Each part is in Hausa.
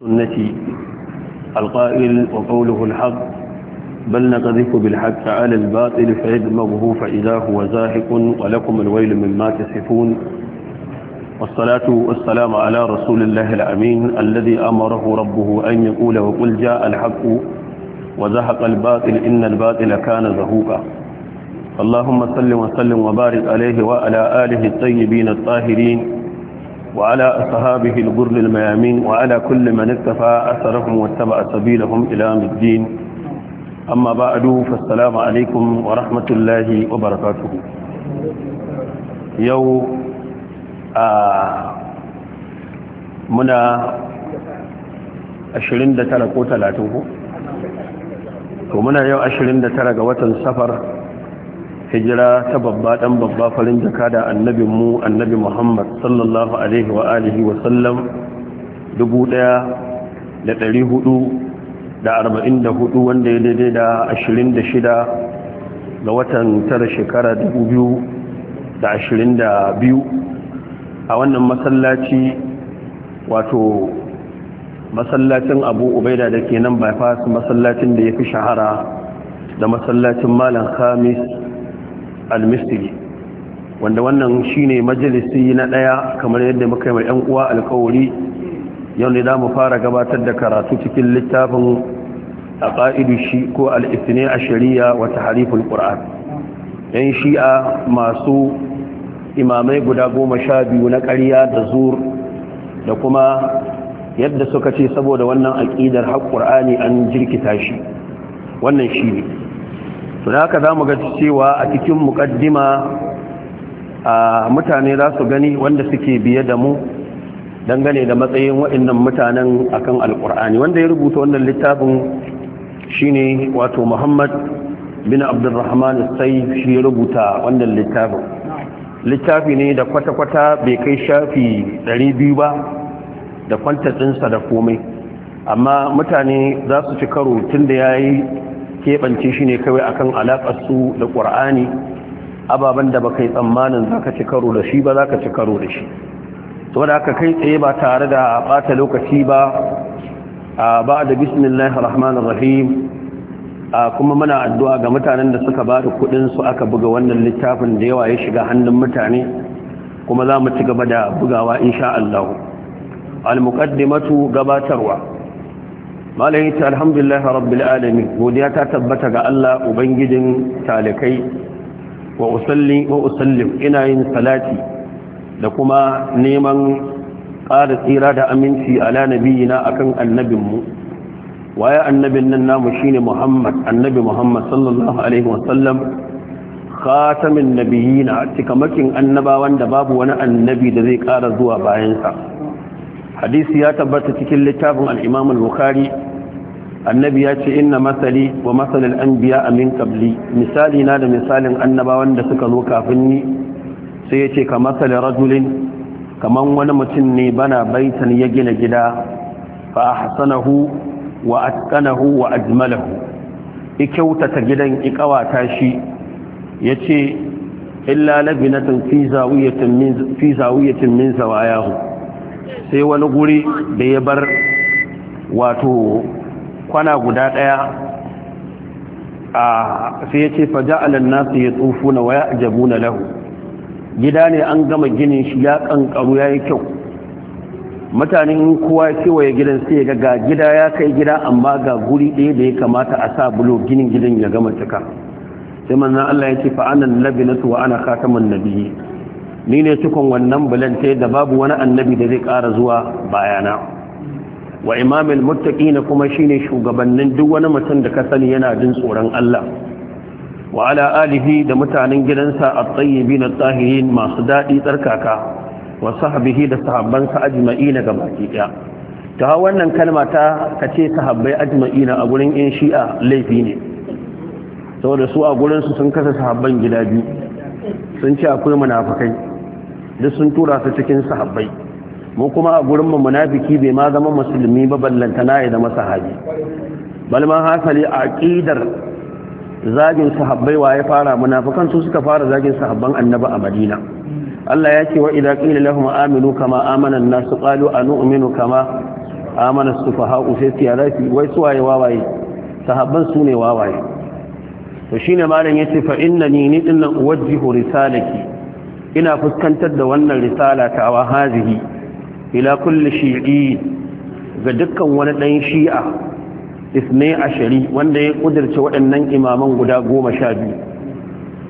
سنتي القائل وقوله الحق بل نقذف بالحق على الباطل فيدمغه فإذا هو زاهق ولكم الويل مما تصفون والصلاة والسلام على رسول الله الأمين الذي أمره ربه أن يقول وقل جاء الحق وزهق الباطل إن الباطل كان زهوكا اللهم صل وسلم وبارك عليه وعلى آله الطيبين الطاهرين وعلى أصحابه الغر الميامين وعلى كل من اكتفى أثرهم واتبع سبيلهم إلى الدين أما بعد فالسلام عليكم ورحمة الله وبركاته يو آه منا 29 ko 30 ko muna yau 29 ga watan safar hijira ta babba dan babba farin jaka da annabin mu annabi Muhammad sallallahu alaihi wa alihi wa sallam 1444 wanda ya daidai da 26 ga watan tara shekara 2022 a wannan masallaci wato masallacin abu ubaida da ke nan bypass masallacin da ya fi shahara da masallacin malam khamis al-misri wanda wannan shine majalisi na daya kamar yadda muka yi yan uwa alkawari yau ne zamu fara gabatar da karatu cikin littafin ƙa'idu shi ko al a shari'a wa harifin qur'an yan shi'a masu imamai guda goma sha biyu na ƙarya da zur da kuma yadda suka ce saboda wannan aƙidar haƙƙur'ani an jirkita shi wannan shi ne suna haka za mu ga cewa a cikin mukaddima a mutane za su gani wanda suke biye da mu dangane da matsayin waɗannan mutanen akan alkur'ani wanda ya rubuta wannan littafin shine wato muhammad bin abdulrahman sai shi ya rubuta wannan littafin littafi ne da kwata-kwata bai kai shafi 200 ba da kwantatsinsa da komai amma mutane za su ci karo tun da ya yi keɓance shi ne kawai akan alaƙar su da ƙur'ani ababen da baka yi tsammanin za ka ci karo da shi ba za ka ci karo da shi saboda haka kai tsaye ba tare da ɓata lokaci ba a ba da bismillahir rahman rahim kuma muna addu'a ga mutanen da suka ba da kuɗin su aka buga wannan littafin da yawa ya shiga hannun mutane kuma za mu ci gaba da bugawa insha Allah al-muqaddimatu gabatarwa malayin alhamdu alhamdulillah rabbil alamin godiya ta tabbata ga Allah ubangijin talikai wa usalli wa usallim ina yin salati da kuma neman ƙara tsira da aminci ala nabiyina akan annabinmu waye annabin nan namu shine Muhammad annabi Muhammad sallallahu alaihi wasallam khatamin nabiyina cikamakin annabawan da babu wani annabi da zai ƙara zuwa bayansa hadisi ya tabbata cikin littafin al al-bukhari annabi ya ce inna masali wa masalin anbiya min kabli misali na da misalin annabawan da suka zo kafin ni sai ya ce ka masalin rajulin kamar wani mutum ne bana baitan ya gina gida fa ahsanahu wa atqanahu wa ajmalahu i kyautata gidan i kawata shi yace illa labinatin fi fi zawiyatin min zawayahu sai wani guri da ya bar wato kwana guda daya a sai ya ce faja'alan nasu ya tsufu na waya ajabu na lahu gida ne an gama ginin shi ya kankaru ya yi kyau mutanen kowa kewaye gidan sai ga ga gida ya kai gida amma ga guri ɗaya da ya kamata a sa bulo ginin gidan ya gama cika sai manzan Allah ya ce fa'anan labinatu wa ana khataman nabiyyi ni ne cikon wannan bulanta da babu wani annabi da zai ƙara zuwa bayana wa imamul na kuma shine shugabannin duk wani mutum da ka sani yana jin tsoron Allah wa ala alihi da mutanen gidansa at-tayyibin at-tahirin masu dadi tsarkaka wa sahbihi da sahabbansa ajma'ina gabaki daya ta wannan kalma ta kace sahabbai ajma'ina a gurin in shi'a laifi ne saboda su a su sun kasa sahabban gida biyu sun ce akwai munafikai duk sun tura su cikin sahabbai mu kuma a gurin mu munafiki bai ma zama musulmi ba ballantana ya zama sahabi bal ma hasali a aqidar zagin sahabbai wa ya fara munafikan su suka fara zagin sahabban annabi a Madina Allah ya ce wa idza qila lahum aminu kama amana an-nas qalu anu'minu kama amana as-sufaha sai tiyarati wai suwaye wawaye sahabban su ne wawaye to shine malam yace fa innani ni dinnan uwajjihu risalati ina fuskantar da wannan risala ta awa hazihi ila kulli shi'i ga dukkan wani ɗan shi'a isne ashari wanda ya ƙudurce waɗannan imaman guda goma sha biyu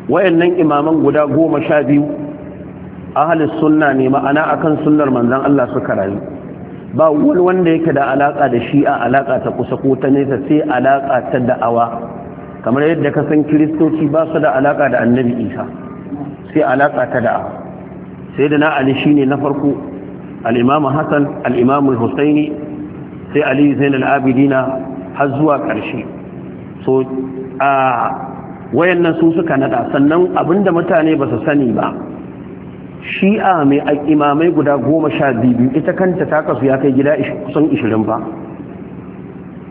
waɗannan imaman guda goma sha biyu ahalis sunna ne ma'ana akan sunnar manzan Allah suka rayu ba wani wanda yake da alaƙa da shi'a alaƙa ta kusa ko ta nesa sai alaƙa ta da'awa kamar yadda ka san kiristoci ba su da alaƙa da annabi isa sai alaƙa ta da'a sai da na ali shine na farko al'imamu hassan al'imamu husaini sai ali zain al'abidina har zuwa ƙarshe so a wayannan su suka nada sannan abinda mutane ba su sani ba shi'a mai imamai guda goma sha biyu ita kanta ta kasu ya kai gida kusan ishirin ba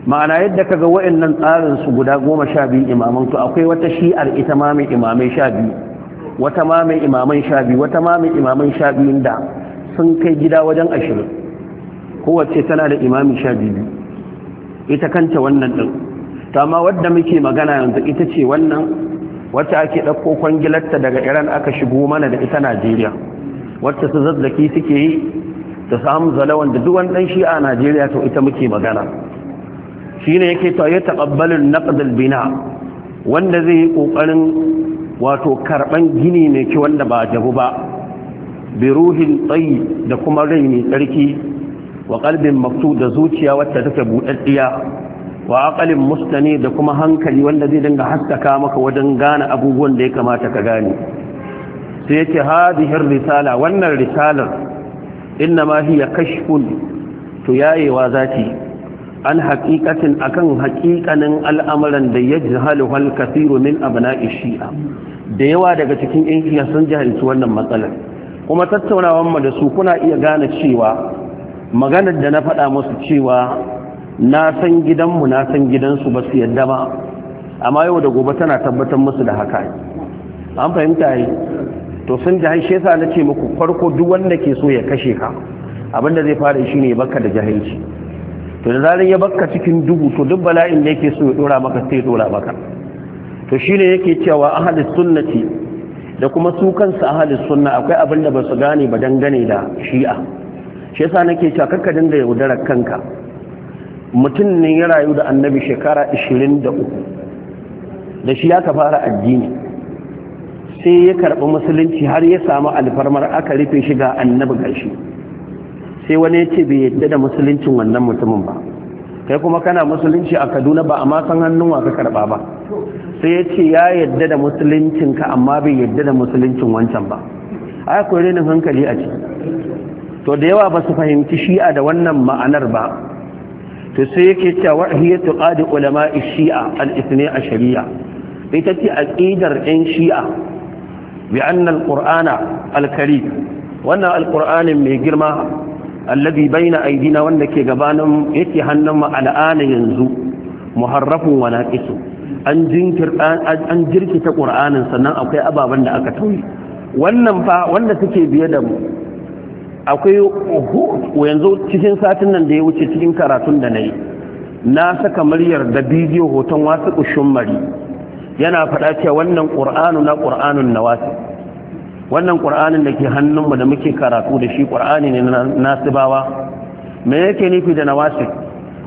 ma'ana yadda ka ga wayannan tsarinsu guda goma sha biyu imamantu akwai wata shi'ar ita ma mai imamai sha biyu wata ma mai imaman sha biyu wata ma mai imaman sha biyun da sun kai gida wajen ashirin kowace tana da imami sha biyu ita kanta wannan ɗin amma wadda muke magana yanzu ita ce wannan wacce ake ɗauko kwangilarta daga iran aka shigo mana da ita najeriya wacce su zazzaki suke yi ta samu zalawan da duwan ɗan shi a najeriya to ita muke magana shi ne yake ta yi taƙabbalin naƙadar bina wanda zai yi ƙoƙarin wato karban gini mai ki wanda ba jabu ba bi ruhin tsayi da kuma rai mai tsarki wa kalbin maktu da zuciya wacce take buɗaɗɗiya wa aqalin mustani da kuma hankali wanda zai dinga haskaka maka wajen gane abubuwan da ya kamata ka gane sai yake hadihir risala wannan risalar innama hiya kashfun to yayewa zaki. an haƙiƙatin akan haƙiƙanin al'amuran da ya jihalu hal kasiru min abna'i shi'a da yawa daga cikin yan shi'a sun jahilci wannan matsalar kuma tattaunawan mu da su kuna iya gane cewa maganar da na faɗa musu cewa na san gidanmu na san gidansu ba su yadda ba amma yau da gobe tana tabbatar musu da haka an fahimta yi to sun ji shi sa na ce muku farko duk wanda ke so ya kashe ka abinda zai fara shi ne baka da jahilci to da zarar ya bakka cikin duhu to duk bala'in da yake so ya dora maka sai ya dora maka to shine yake cewa ahlus sunnati da kuma su kansu ahlus sunna akwai abin da ba su gane ba dangane da shi'a shi yasa nake cewa kakka dinga yaudarar kanka mutum ne ya rayu da annabi shekara 23 da shi ya ka fara addini sai ya karɓi musulunci har ya samu alfarmar aka rufe shi ga annabi ƙarshe sai wani ya ce bai yadda da musuluncin wannan mutumin ba kai kuma kana musulunci a kaduna ba amma san hannun wa ka karba ba sai ya ce ya yadda da musuluncin ka amma bai yadda da musuluncin wancan ba ai ko renin hankali a ciki to da yawa ba su fahimci shi'a da wannan ma'anar ba to sai yake cewa wahiyatu qadi ulama shi'a al-ithni ashariya ita ce aqidar ɗan shi'a bi anna al-qur'ana al-karim wannan al-qur'anin mai girma alladhi baina aydina wanda ke gabanin yake hannun mu al'ana yanzu muharrafun wa naqisu an jinkir an ta qur'anin sannan akwai ababan da aka tauye wannan fa wanda take biye da mu akwai yanzu cikin satin nan da ya wuce cikin karatun da na yi na saka muryar da bidiyo hoton wasu ƙushin mari yana faɗa cewa wannan ƙur'anu na ƙur'anun na wasu wannan ƙur'anin da ke hannunmu da muke karatu da shi ƙur'ani ne na nasibawa me yake nufi da nawasik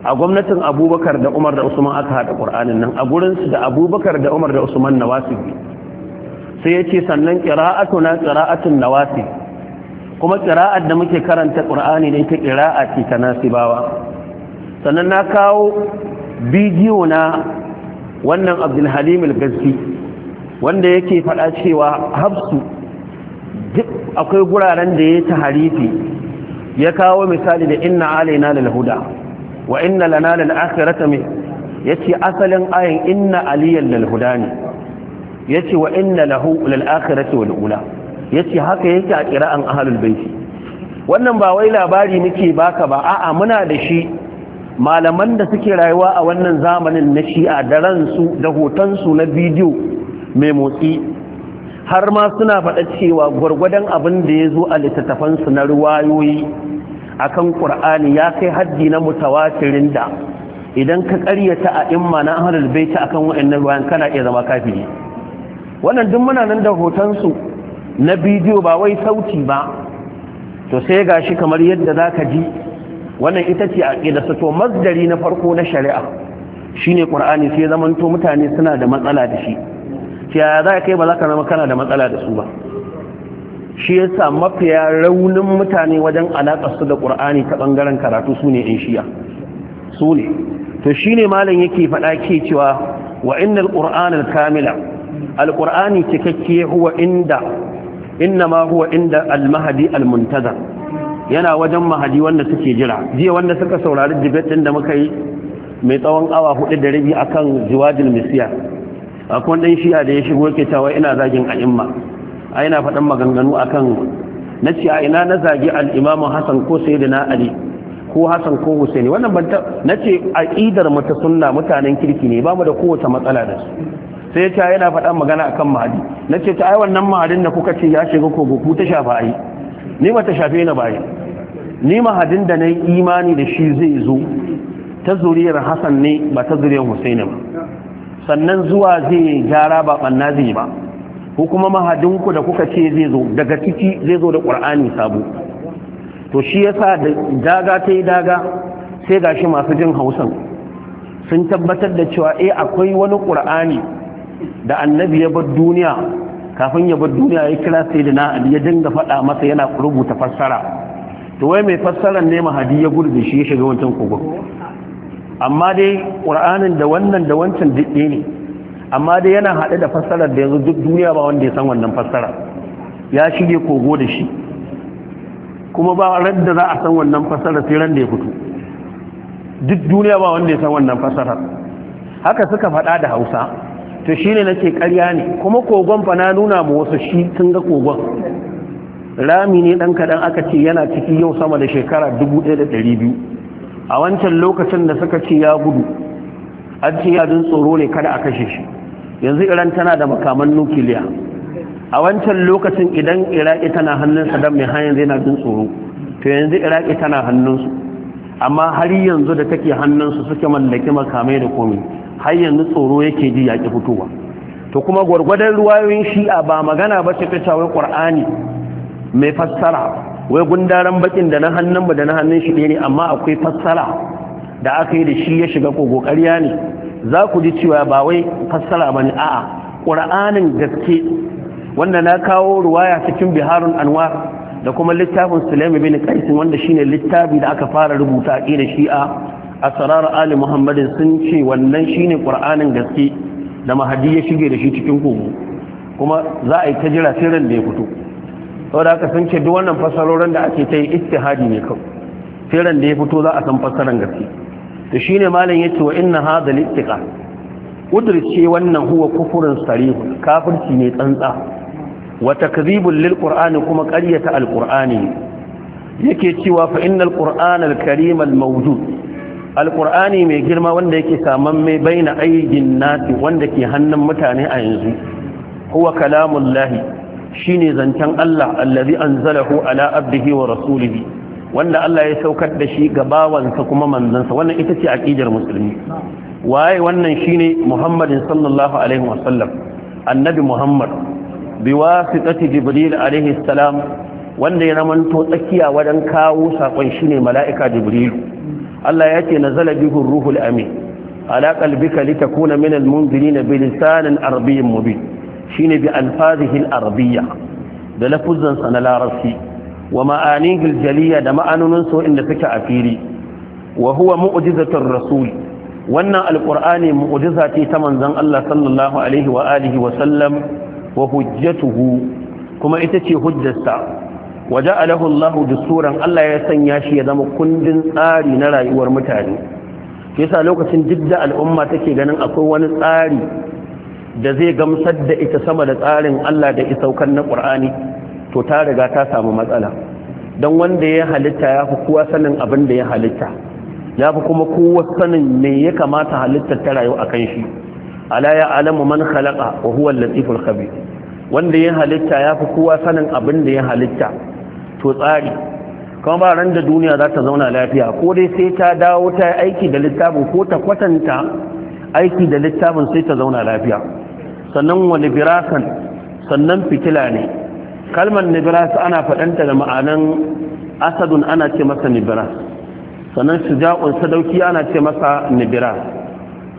a gwamnatin abubakar da umar da usman aka haɗa ƙur'anin nan a gurinsu da abubakar da umar da usman nawasik sai ya ce sannan ƙira'atu na ƙira'atun nawasik kuma ƙira'at da muke karanta ƙur'ani ne ta ƙira'a ce ta nasibawa sannan na kawo bidiyo na wannan abdulhalim al gazi wanda yake faɗa cewa hafsu duk akwai guraren da ya ta ya kawo misali da inna alaina lil huda wa inna lana lil akhirati min yace asalin ayin inna aliyan lil huda ne yace wa inna lahu lil akhirati wal ula yace haka yake a qira'an ahlul baiti wannan ba wai labari muke baka ba a'a muna da shi malaman da suke rayuwa a wannan zamanin na shi'a da ransu da su na bidiyo mai motsi har ma suna faɗa cewa gwargwadon abin da ya zo a littattafansu na ruwayoyi a kan ƙur'ani ya kai haddi na mutawatirin da idan ka ƙaryata a imma na ahalar baita akan wa'annan ruwayan kana iya zama kafiri wannan duk muna nan da hotonsu na bidiyo ba wai sauti ba to sai ga shi kamar yadda za ka ji wannan ita ce a su to mazdari na farko na shari'a shine ƙur'ani sai zamanto mutane suna da matsala da shi ya za kai ba za ka nama kana da matsala da su ba shi ya sa mafiya raunin mutane wajen alaƙar su da ƙur'ani ta ɓangaren karatu su ne shiya su ne to shi ne malin yake faɗa ke cewa wa inna al kamila al-ƙur'ani cikakke huwa inda inna ma huwa inda al-mahadi al yana wajen mahadi wanda suke jira jiya wanda suka saurari debate din da muka yi mai tsawon awa hudu da rabi akan jiwadil misya akwai dan shi'a da ya shigo yake cewa ina zagin a'imma a ina faɗan maganganu akan na ce a ina na zagi al-imamu hasan ko sayyidina ali ko hasan ko husaini wannan ban ta nace aqidar mu ta sunna mutanen kirki ne ba mu da kowace matsala da su sai ya ce yana faɗan magana akan mahadi nace ta ai wannan mahadin da kuka ce ya shiga ko ku ta shafa ai ni ba ta shafe ni ba ni mahadin da nayi imani da shi zai zo ta zuriyar hasan ne ba ta zuriyar husaini ba sannan zuwa zai gyara ba ɓanna zai ba ko kuma mahadinku da kuka ce zai zo daga ciki zai zo da ƙur'ani sabo to shi yasa da daga ta yi daga sai ga shi masu jin hausan sun tabbatar da cewa e akwai wani ƙur'ani da annabi ya bar duniya kafin ya bar duniya ya kira sai da na'adi ya dinga faɗa masa yana rubuta fassara to wai mai fassarar ne mahadi ya gudu shi ya shiga wancan kogon amma dai ƙur'anin da wannan da wancan diɗɗe ne amma dai yana haɗe da fassarar da yanzu duk duniya ba wanda ya san wannan fassara ya shige kogo da shi kuma ba ran da za a san wannan fassara sai ran da ya fito duk duniya ba wanda ya san wannan fassarar haka suka faɗa da hausa to shi ne nake ƙarya ne kuma kogon fa na nuna ma wasu shi sun ga kogon rami ne ɗan kaɗan aka ce yana ciki yau sama da shekara dubu ɗaya da ɗari biyu a wancan lokacin da suka ce ya gudu an ce ya jin tsoro ne kada a kashe shi yanzu iran tana da makaman nukiliya a wancan lokacin idan iraki tana hannun saddam mai hanyar zai na jin tsoro to yanzu iraki tana hannunsu amma har yanzu da take hannunsu suke mallaki makamai da komi har yanzu tsoro yake ji yaƙi fitowa to kuma gwargwadon ruwayoyin shi'a ba magana ba ce ta cawai ƙwar'ani mai fassara wai gundaran bakin da na hannun ba da na hannun shi ne amma akwai fassara da aka yi da shi ya shiga kogo ƙarya ne za ku ji cewa ba wai fassara ba ne a'a ƙura'anin gaske wanda na kawo ruwaya cikin biharun anwa da kuma littafin sulaimu bin kaisin wanda shine littafi da aka fara rubuta a ƙina shi a sarar ali muhammadin sun ce wannan shine ƙura'anin gaske da mahadi ya shige da shi cikin kogo kuma za a yi ta jira sirrin da ya fito saboda haka sun ce duk wannan fasarorin da ake ta yi istihadi ne kawai sai da ya fito za a san fasarar gaske to shine malam ce wa inna hadha al-istiqa wannan huwa kufurin sarih kafirci ne tsantsa Wata takdhibul lilƙur'ani kuma qaryata al qur'ani yake cewa fa innal qur'ana al karim al mai girma wanda yake saman mai baina aidin nasi wanda ke hannun mutane a yanzu huwa kalamullahi shine zancen Allah allazi anzalahu ala abdihi wa rasulihi wanda Allah ya saukar da shi ga bawansa kuma manzansa wannan ita ce aqidar musulmi waye wannan ne Muhammadin sallallahu alaihi wasallam annabi Muhammad biwasitati jibril alaihi salam wanda ya ramanto tsakiya wajen kawo sakon shine mala'ika jibril Allah ya ce nazala bihi ruhul amin ala qalbika litakuna minal munzirin bilisanin arabiyyin mubin shine bi alfazihi al-arabiyya da lafuzan sa na larabci wa ma'anihi al-jaliyya da ma'anonin su inda suke a fili wa huwa mu'jizatur rasul wannan alqur'ani mu'jiza ce ta manzon Allah sallallahu alaihi wa alihi wa sallam wa hujjatuhu kuma ita ce hujjarsa وجعله الله دستورا Allah ya sanya shi ya zama kundin tsari na rayuwar mutane yasa lokacin duk da al'umma take ganin akwai wani tsari da zai gamsar da ita sama da tsarin Allah da isaukar na ƙur'ani to ta riga ta samu matsala don wanda ya halitta ya fi kuwa sanin abin da ya halitta ya fi kuma kowa sanin me ya kamata halittar ta rayu a kan shi ala ya alamu man khalaqa wa huwa al-latiful khabir wanda ya halitta ya fi kowa sanin abin da ya halitta to tsari kuma ba ran da duniya za ta zauna lafiya ko dai sai ta dawo ta aiki da littafin ko ta kwatanta aiki da littafin sai ta zauna lafiya sannan wani birasan sannan fitila ne kalmar nibiras ana faɗanta da ma'anan asadun ana ce masa nibiras sannan shuja'un sadauki ana ce masa nibiras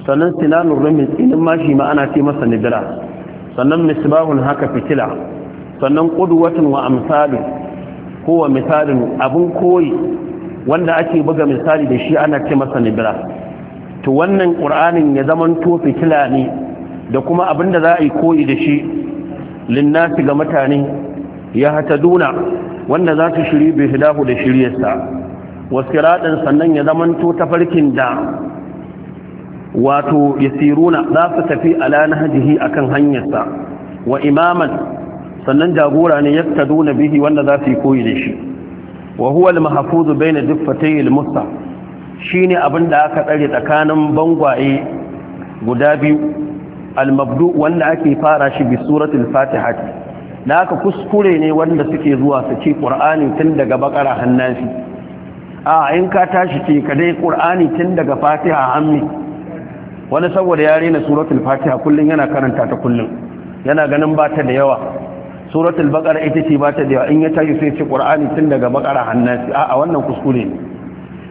sannan sinanun rumin tsinin mashi ma ana ce masa nibiras sannan misbahun haka fitila sannan ƙuduwatin wa amsalin kowa misalin abin koyi wanda ake buga misali da shi ana ce masa nibira to wannan ƙur'anin ya zaman to fitila ne da kuma abin da za a yi koyi da shi linnasi ga mutane ya hataduna wanda za su shiri bai hidahu da shiryarsa waskiraɗin sannan ya zamanto tafarkin da wato ya siruna za su tafi ala na hajihi a kan hanyarsa wa imaman sannan jagora ne ya taduna bihi wanda za su yi koyi da shi wa huwa al-mahfuzu bayna duffatay al shi shine abin da aka tsare tsakanin bangwaye guda biyu al-mabdu wanda ake fara shi bi suratul fatiha da ka kuskure ne wanda suke zuwa su ci qur'ani tun daga bakara hannasi a in ka tashi ce ka dai qur'ani tun daga fatiha ammi wani saboda ya rena suratul fatiha kullun yana karanta ta kullun yana ganin ba ta da yawa suratul baqara ita ce ba ta da yawa in ya tashi sai ci qur'ani tun daga bakara hannasi a wannan kuskure ne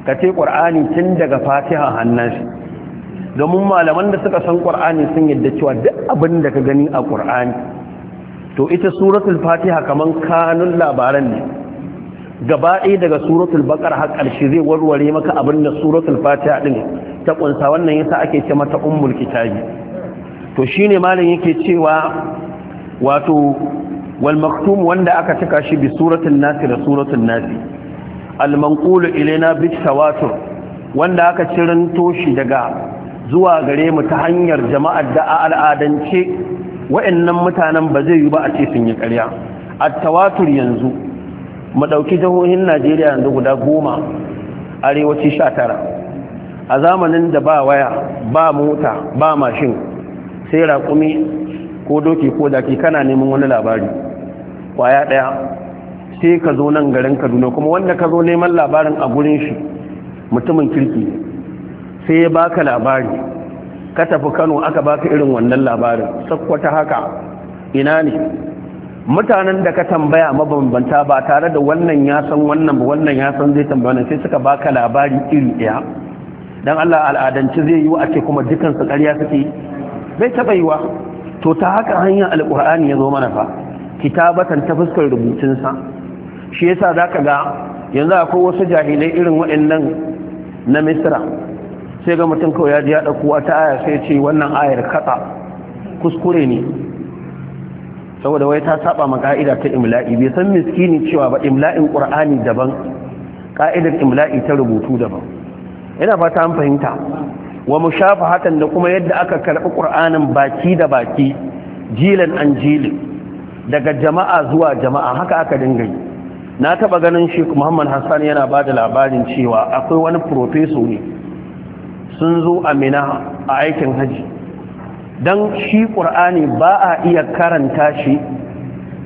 ka ce qur'ani tun daga fatiha hannasi domin malaman da suka san ƙur'ani sun yadda cewa duk abin da ka gani a ƙur'ani to ita suratul fatiha kamar kanun labaran ne gaba ɗaya daga suratul baƙar har ƙarshe zai warware maka abin da suratul fatiha ɗin ta ƙunsa wannan yasa ake ce mata ummul kitabi to shine malam yake cewa wato wal maktum wanda aka cika shi bi suratul nasi da suratul nasi. al manqulu ilaina bi tawatur wanda aka ciranto shi daga zuwa gare mu ta hanyar jama'ar da al'adance wa'annan mutanen ba zai yi ba a ce sun yi ƙarya a tawatur yanzu mu ɗauki jihohin najeriya yanzu guda goma arewaci sha tara a zamanin da ba waya ba mota ba mashin sai raƙumi ko doki ko daki kana neman wani labari kwaya ɗaya sai ka zo nan garin kaduna kuma wanda ka zo neman labarin a gurin shi mutumin kirki sai ya baka labari ka tafi kano aka baka irin wannan labarin sakwata haka ina ne mutanen da ka tambaya mabambanta ba tare da wannan ya san wannan ba wannan ya san zai tambaya sai suka baka labari iri ɗaya dan Allah al'adance zai yi wa ake kuma dukansu ƙarya suke bai taɓa yi wa to ta haka hanyar alƙur'ani ya zo mana fa kitabatan ta fuskar rubutunsa shi yasa za ka ga yanzu akwai wasu jahilai irin waɗannan na Misira? sai ga mutum kawai ya ji ya ɗauko wata aya sai ce wannan ayar katsa kuskure ne saboda wai ta saba ma ka'ida ta imla'i bai san miskini cewa ba imla'in qur'ani daban ka'idar imla'i ta rubutu daban ina fata an fahimta wa mu shafa mushafahatan da kuma yadda aka karɓi qur'anin baki da baki jilan an jilin daga jama'a zuwa jama'a haka aka dinga yi na taɓa ganin shi Muhammad Hassan yana ba da labarin cewa akwai wani profeso ne sun zo a Minna a aikin haji don shi ƙur'ani ba a iya karanta shi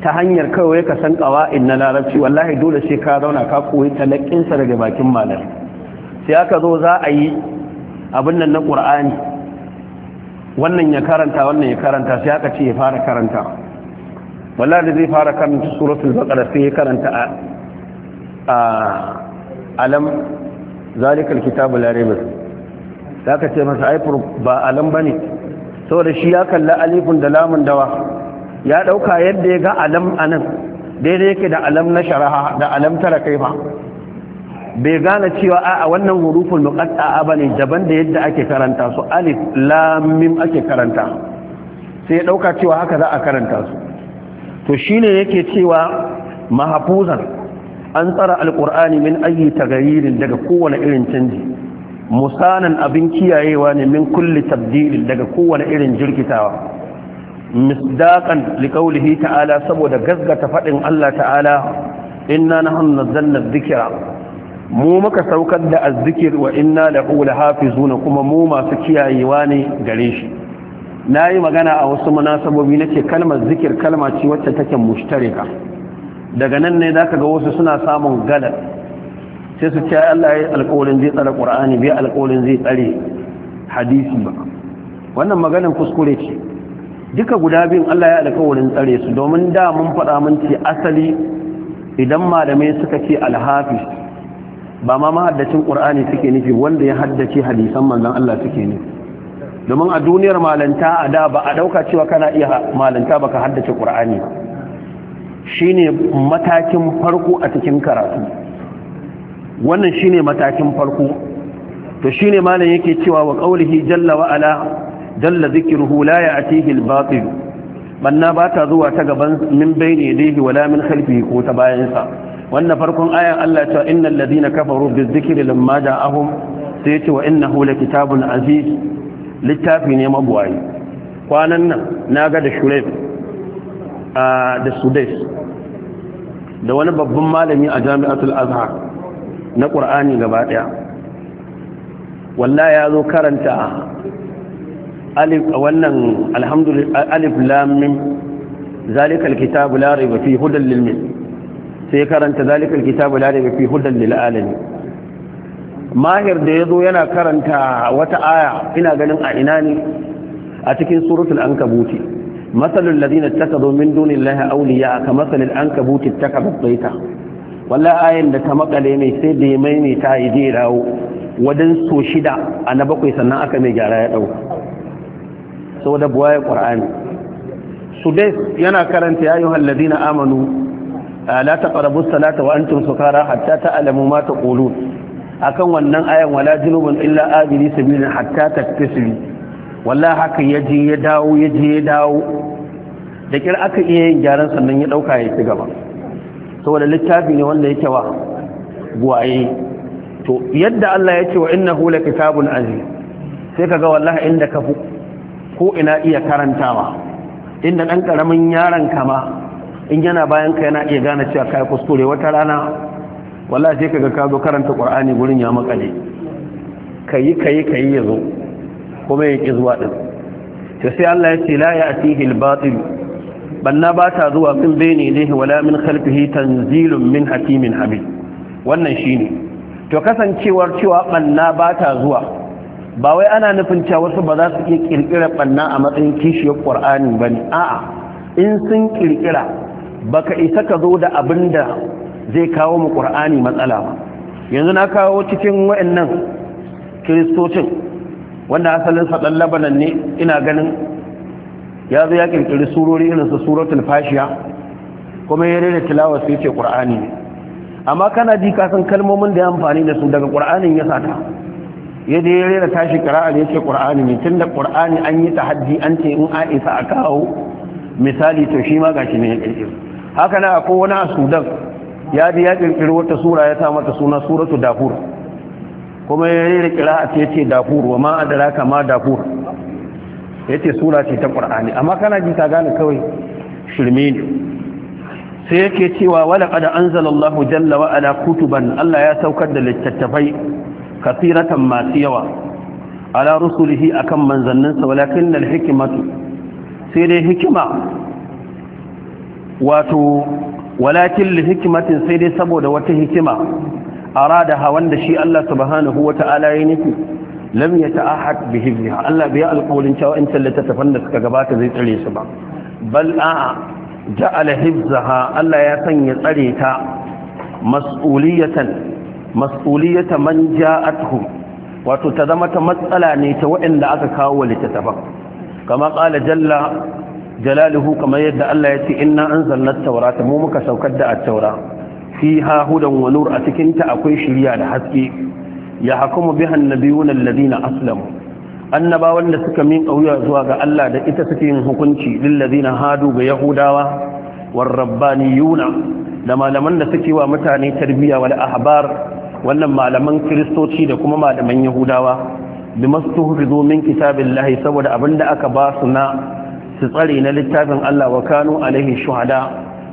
ta hanyar kawai ka san ƙawa'in na larabci wallahi dole sai ka zauna ka koyi talakinsa daga bakin malar sai aka zo za a yi abin nan na ƙur'ani wannan ya karanta wannan ya karanta sai aka ce ya fara karanta wallahi da zai fara karanta suratul baqara sai ya karanta a alam zalikal kitabu la za ka ce masa aifur ba alam ba ne saboda shi ya kalla alifun da lamun dawa ya ɗauka yadda ya ga alam a nan daidai yake da alam na sharaha da alam tara kai ba bai gane cewa a wannan hurufin a ba ne daban da yadda ake karanta su alif lamim ake karanta sai ya ɗauka cewa haka za a karanta su to shi ne yake cewa mahafuzan an tsara alƙur'ani min ayi tagayirin daga kowane irin canji musanan abin kiyayewa ne min kulli tabdilin daga kowane irin jirkitawa misdaqan liqaulihi ta'ala saboda gazgata fadin Allah ta'ala inna nahnu nazzalna dhikra mu muka saukar da azzikir wa inna lahu lahafizuna kuma mu masu kiyayewa ne gare shi nayi magana a wasu munasabobi nace kalmar zikir kalma ce wacce take mushtarika daga nan ne zaka ga wasu suna samun galat sai su ce Allah ya alƙawarin zai tsare Qur'ani biya alƙawarin zai tsare hadisi ba wannan maganin kuskure ce duka guda biyun Allah ya alƙawarin tsare su domin da mun faɗa mun ce asali idan malamai suka ce alhafi ba ma mahaddacin ƙura'ani suke nufi wanda ya haddace hadisan manzan Allah suke nufi domin a duniyar malanta a da ba a dauka cewa kana iya malanta ka haddace Shi shine matakin farko a cikin karatu wannan shine matakin farko to shine malam yake cewa wa qaulihi jalla wa ala jalla dhikruhu la ya'tihi al-batil banna ba ta zuwa ta gaban min bayni yadihi wala min khalfihi ko ta bayan sa wannan farkon ayan Allah ta innal ladina kafaru bizikri lamma ja'ahum sai yace wa innahu kitabun aziz littafi ne mabuwayi kwanan nan naga da shuraif a ah, da sudais da wani babban malami a jami'atul azhar na ƙur'ani gaba ɗaya wallah ya zo karanta alif wannan alhamdulillah alif lam mim zalika alkitabu la fi hudan lil sai karanta zalika alkitabu la rayba fi hudan lil mahir da ya zo yana karanta wata aya ina ganin a ina ne a cikin suratul ankabuti masalul ladina ittakhadhu min dunillahi awliya kamasalil ankabuti ittakhadhat bayta wala ayin da ta makale mai sai da ya maimaita ya je dawo wadan so shida a na bakwai sannan aka mai gyara ya dau saboda buwaye qur'ani sudais yana karanta ya ayyuhal ladina amanu la taqrabu as-salata wa antum sukara hatta ta'lamu ma taqulun akan wannan ayan wala junubun illa abiri sabilin hatta taktasibi walla haka yaje ya dawo yaje ya dawo da kira aka iya yin gyaran sannan ya dauka ya ci gaba saboda littafi ne wanda yake wa guwaye. to yadda Allah ya ce wa innahu kitabun aziz sai kaga wallahi inda ka fi ko ina iya karantawa inda dan karamin yaron kama in yana bayan ka yana iya gane cewa kai kuskure wata rana wallahi sai kaga ka zo karanta Qur'ani gurin ya makale kayi kayi kayi yazo kuma ya ki zuwa din to sai Allah ya ce la ya'tihi al-batil banna ba ta zuwa min bene ne wala min khalfihi tanzilun min hakimin habib wannan shine to kasancewar cewa banna ba ta zuwa ba wai ana nufin cewa wasu ba za su iya kirkira banna a matsayin kishiyar qur'ani bane a'a in sun kirkira baka isa ka zo da abin da zai kawo mu qur'ani matsala ba yanzu na kawo cikin wayannan kiristocin wanda asalin sa dan ne ina ganin ya zo ya kirkiri surori irin su suratul fashiya kuma ya rera tilawa sai ce qur'ani amma kana ji ka san kalmomin da ya amfani da su daga qur'anin ya sata ya da ya rera tashi qira'a ne ce qur'ani ne tunda qur'ani an yi tahaddi an ce in Aisha a kawo misali to shi ma gashi ne ya kirkiri haka na akwai wani a Sudan ya da ya kirkiri wata sura ya sa mata suna suratu dafur kuma ya rera qira'a ce ce dafur wa ma adraka ma dafur ya ce sura ce ta ƙur'ani amma kana ji ta gane kawai shirme ne sai yake cewa wala da anzalallahu zalallahu jalla wa ala kutuban Allah ya saukar da littattafai kasiratan masu yawa ala rusulihi akan manzanninsa walakin al sai dai hikima wato walakin li sai dai saboda wata hikima arada ha wanda shi Allah subhanahu wata'ala ya nufi lam ya ta'ahad bi hifziha Allah biya alƙawarin cewa in tallata tafan da suka gabata zai tsare su ba bal a'a ja'ala hifzaha Allah ya sanya tsare ta mas'uliyatan mas'uliyata man wato ta zama ta matsala ne ta waɗanda aka kawo littattafan kama qala jalla jalaluhu kamar yadda Allah ya ce inna anzalna at-taurata mu muka saukar da at-taura fiha hudan wa nur a cikin ta akwai shiriya da haske ya hakumu bihan nabiyuna alladhina aslamu annabawan da suka min kauya zuwa ga Allah da ita suke yin hukunci lil ladina hadu ga yahudawa war rabbaniyuna da malaman da suke wa mutane tarbiya wal ahbar wannan malaman kristoci da kuma malaman yahudawa bimastuhfizu min kitabillahi saboda abinda aka ba su na su tsare na littafin Allah wa kanu alaihi shuhada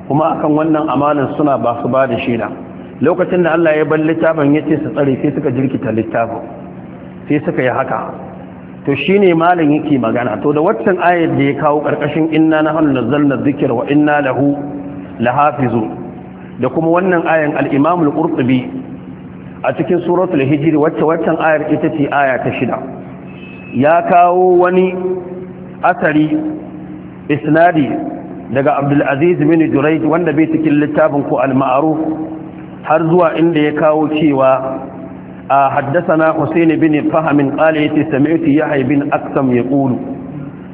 kuma akan wannan amanan suna ba su ba da shaida lokacin da Allah ya bar littafin ya ce su tsare sai suka jirkita littafin sai suka yi haka to shine malam yake magana to da waccan ayar da ya kawo karkashin inna nahnu nazzalna dhikra wa inna lahu lahafizun da kuma wannan ayan al-Imam al-Qurtubi a cikin suratul hijr wacce waccan ayar ita ce aya ta shida ya kawo wani asari isnadi daga Abdul Aziz bin wanda bai cikin littafin ko al-Ma'ruf har zuwa inda ya kawo cewa a na Hussein bin Fahamin qala yace sami'tu Yahya bin Aksam kulu.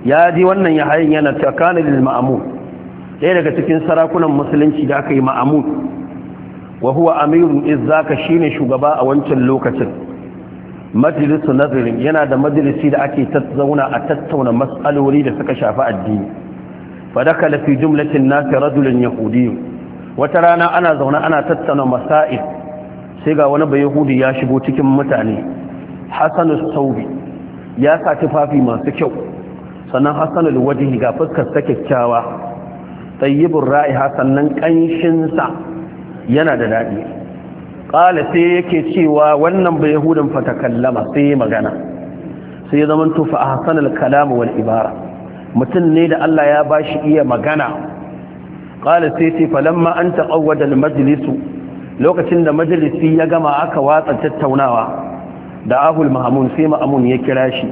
ya ji wannan Yahya yana tsakanin kana lil ma'mun ɗaya daga cikin sarakunan musulunci da aka yi ma'mun wa huwa amirun izzaka shine shugaba a wancan lokacin majalisu nazirin yana da majalisi da ake zauna a tattauna matsaloli da suka shafi addini fa dakala fi jumlatin nasi rajulun yahudiyyun wata rana ana zaune ana tattauna masa'id sai ga wani bayahudi ya shigo cikin mutane hasanu saubi ya sa tufafi masu kyau sannan hasanu ga fuskar ta kyakkyawa tayyibur ra'iha sannan kanshin sa yana da dadi qala sai yake cewa wannan bayahudin fa takallama sai magana sai ya zama tufa ahsanul kalam wal ibara mutum ne da Allah ya bashi iya magana qala sai ce falamma an taqawwada al-majlisu lokacin da majalisi ya gama aka watsa tattaunawa da ahul mahamun sai ma'amun ya kira shi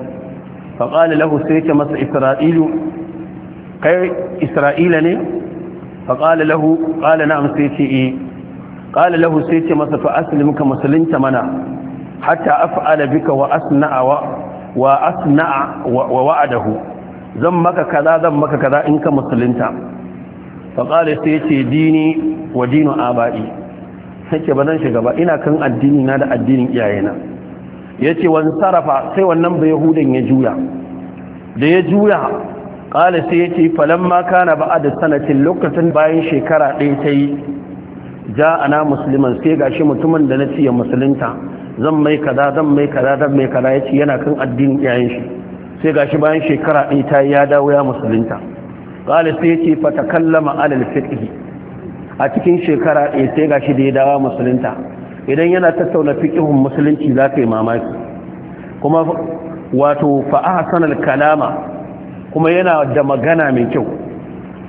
fa qala sai ce masa isra'ilu kai isra'ila ne fa qala lahu ce eh qala sai ce masa fa aslim ka musulunta mana wa wa'adahu zan maka kaza in ka musulunta faƙalar sai ce dini wa dinu abadi. sake ba zan shiga ba ina kan addini na da addinin iyayena ya ce wani sarrafa sai wannan ba yahudan ya juya da ya juya ƙala sai ya ce falon maka na da sanatin lokacin bayan shekara ɗaya ta yi ja ana musulman sai ga mutumin da na ciye musulunta zan mai kaza zan mai kaza zan mai kaza ya yana kan addinin iyayen shi sai ga bayan shekara ɗaya ta yi ya dawo ya musulunta qala sai yace fa kallama alal fiqh a cikin shekara ɗaya sai ga shi da ya dawo musulunta idan yana tattauna fiƙihun musulunci zaka yi mamaki kuma wato fa kalama kuma yana da magana mai kyau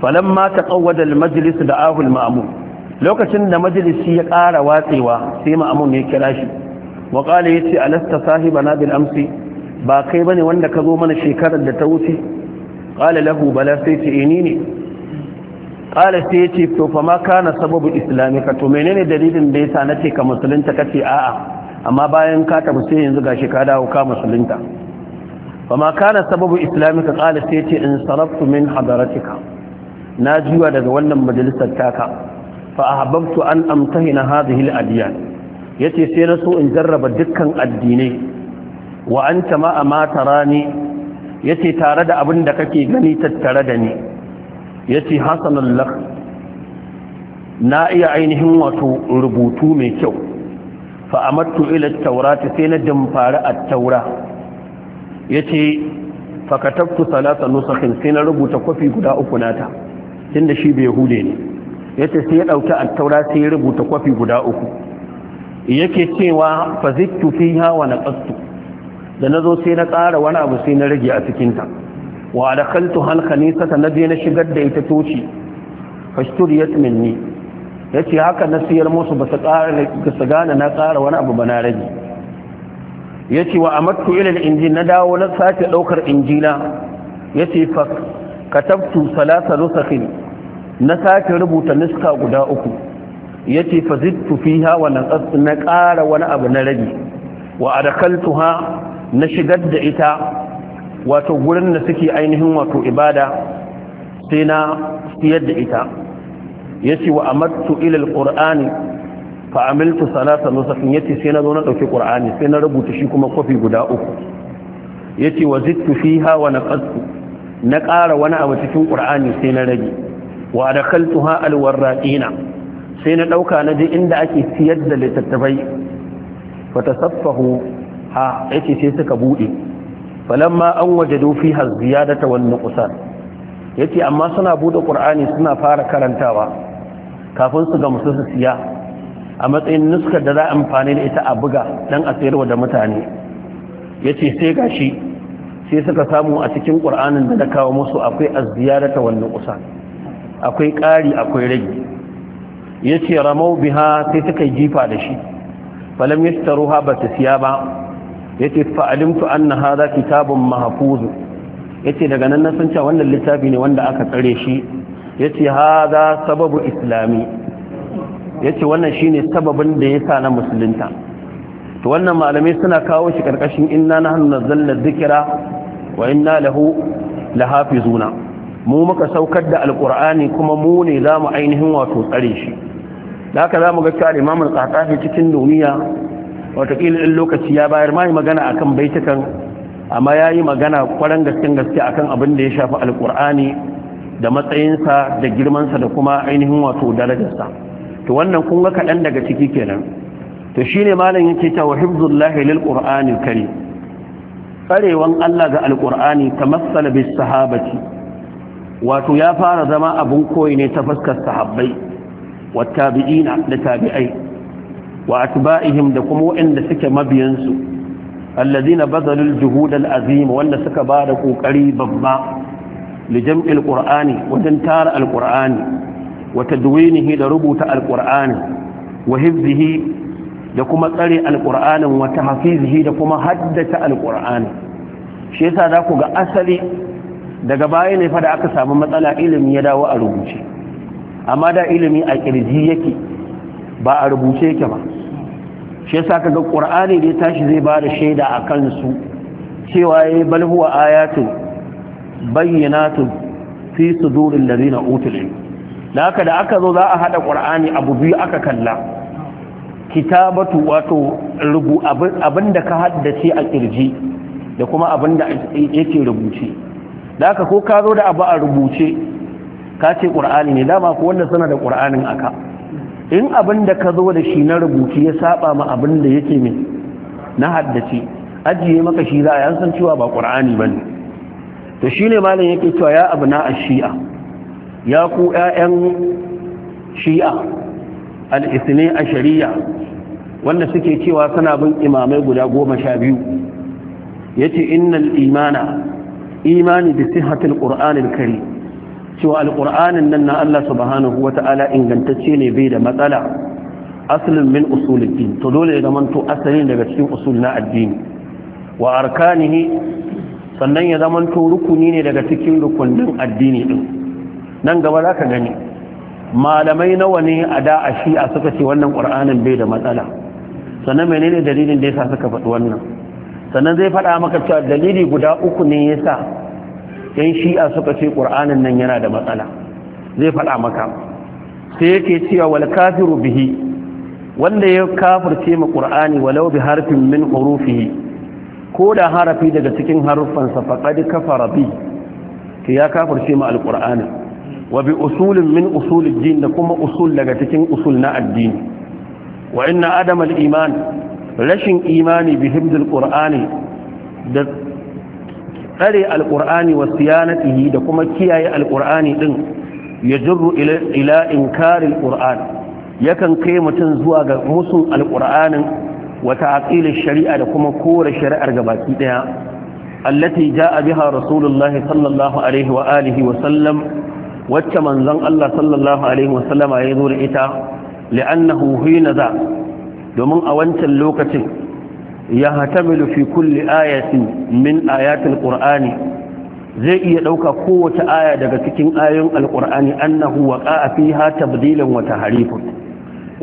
falamma taqawwada al majalis da al ma'amu, lokacin da majalisi ya ƙara watsewa sai ma'amu ya kira shi wa ya ce alasta sahibana bin amsi ba kai bane wanda ka zo mana shekarar da ta wuce qala bala sai ce eh, ni ne qala sai ce to fa ma kana sababu islamika to menene dalilin da yasa ce ka musulunta kace a'a amma bayan ka tafi sai yanzu gashi ka dawo ka musulunta fa ma kana sababu islamika qala sai ce in saraftu min hadaratika na juwa daga wannan majalisar taka fa ahabbtu an amtahina hadhihi al-adyan yace sai na so in jarraba dukkan addinai wa anta ma amatara ni yace tare da abin da kake gani tattare da ni yace hasanul na iya ainihin wato rubutu mai kyau fa amattu taura taurata sai na dimfara a taura yace fa katabtu salasa nusakhin sai na rubuta kwafi guda uku nata da shi bai hude ne yace sai ya ɗauki a taura sai ya rubuta kwafi guda uku yake cewa fa zittu hawa na ƙastu. da na zo sai na ƙara wani abu sai na rage a cikinta wa da kaltu halka nisa ta na je na shigar da ita toci fashtur ya tsimini ya ce haka na siyar musu ba su gane na ƙara wani abu ba na rage ya ce wa amattu ilil injin na dawo na sake ɗaukar injina ya ce fa ka katabtu salasa rusakin na sake rubuta niska guda uku ya ce fa zittu fiha wa na ƙara wani abu na rage wa a ha? na shigar da ita wato gurin da suke ainihin wato ibada sai na siyar da ita ya ce wa amattu ilil ƙur'ani fa salasa nusafin ya ce sai na zo na ɗauki ƙur'ani sai na rubuta shi kuma kwafi guda uku ya ce wa zittu fi hawa na ƙasku na ƙara wani abu cikin ƙur'ani sai na rage wa da kaltu ha alwarraƙina sai na ɗauka na je inda ake siyar da littattafai fa tasaffahu ha yace sai suka bude falamma an wajadu fiha ziyadata wan nuqsan yace amma suna bude qur'ani suna fara karantawa kafin su ga musu siya a matsayin nuskar da za a amfani da ita a buga dan a sayarwa da mutane yace sai gashi sai suka samu a cikin qur'anin da na kawo musu akwai azziyarata wan nuqsan akwai ƙari akwai rage yace ramau biha sai suka jifa da shi falam yastaruha ba basu siya ba yace fa alimtu anna hadha kitabun mahfuz yace daga nan na san cewa wannan littafi ne wanda aka tsare shi yace haza sababu islami yace wannan ne sababin da ya sa na musulunta to wannan malamai suna kawo shi karkashin na hannun zallar zikira wa inna lahu zuna. mu muka saukar da alqur'ani kuma mu ne zamu ainihin wato tsare shi da haka zamu ga cewa imam al cikin duniya watakila in lokaci ya bayar ma yi magana akan baitukan amma ya yi magana kwaran gasken gaske akan abin da ya shafi alkur'ani da matsayinsa da girmansa da kuma ainihin wato darajarsa to wannan kun ga kaɗan daga ciki kenan to shine malam yake cewa hifzullahi lil ƙur'ani kari. tsarewan Allah ga alkur'ani tamassala bis sahabati wato ya fara zama abun koyi ne ta fuskar sahabbai tabi'ina da tabi'ai wa atba'ihim da kuma waɗanda suke mabiyansu alladhina bazalul juhud alazim wanda suka ba da kokari babba li jam'il wajen tara alqur'ani wata tadwinihi da rubuta alqur'ani wa hifzihi da kuma tsare alqur'anin wata hafizihi da kuma haddata alqur'ani shi yasa za ku ga asali daga baya ne fa da aka sami matsala ilimi ya dawo a rubuce amma da ilimi a kirji yake ba a rubuce yake ba shi yasa kaga qur'ani da ya tashi zai ba da shaida a su cewa yayi bal huwa ayatun bayyinatun fi sudurin ladina utul ilm da haka da aka zo za a hada qur'ani abu biyu aka kalla kitabatu wato rubu abinda ka haddace a kirji da kuma abinda yake rubuce da haka ko ka zo da abu a rubuce ka ce qur'ani ne dama ko wanda suna da qur'anin aka in abin da ka zo da shi na rubuci ya saba ma abin da yake mai na haddace ajiye maka shi za a yan san cewa ba ƙur'ani ba ne to shi ne malin yake cewa ya abu na shi'a ya ku 'ya'yan shi'a al'isne a shari'a wanda suke cewa suna bin imamai guda goma sha biyu ya ce innal imana imani da sihatul ƙur'anil kare cewa alƙur'anin nan na Allah subhanahu wa ta'ala ingantacce ne bai da matsala asalin min usulul din to dole ya zamanto asalin daga cikin usul na addini wa arkanihi sannan ya zamanto rukuni ne daga cikin rukunin addini din nan gaba za ka gani malamai nawa ne a da a shi'a suka ce wannan ƙur'anin bai da matsala sannan menene dalilin da yasa suka faɗi wannan sannan zai faɗa maka cewa dalili guda uku ne yasa yan shi'a suka ce ƙur'anin nan yana da matsala zai faɗa maka sai yake cewa wal kafiru bihi wanda ya kafirce ma ƙur'ani walau bi harfin min hurufihi ko da harafi daga cikin haruffansa faqad kafara bi ke ya kafirce ma alqur'ani wa bi usulin min usulid din da kuma usul daga cikin usul na addini wa inna adam iman rashin imani bi hibdil qur'ani da tsare alƙur'ani wa siyanatihi da kuma kiyaye alƙur'ani ɗin ya jirru ila karin ƙur'an yakan kai mutum zuwa ga musun alƙur'anin wata aƙilin shari'a da kuma kore shari'ar ga baki ɗaya allati ja a biha rasulullahi sallallahu alaihi wa alihi wa sallam wacce manzon Allah sallallahu alaihi wa sallama ya zo da ita li'annahu hina za domin a wancan lokacin yahtamilu fi kulli ayatin min ayatil qur'ani zai iya dauka kowace aya daga cikin ayoyin alqur'ani annahu waqa'a fiha tabdilan wa tahrifun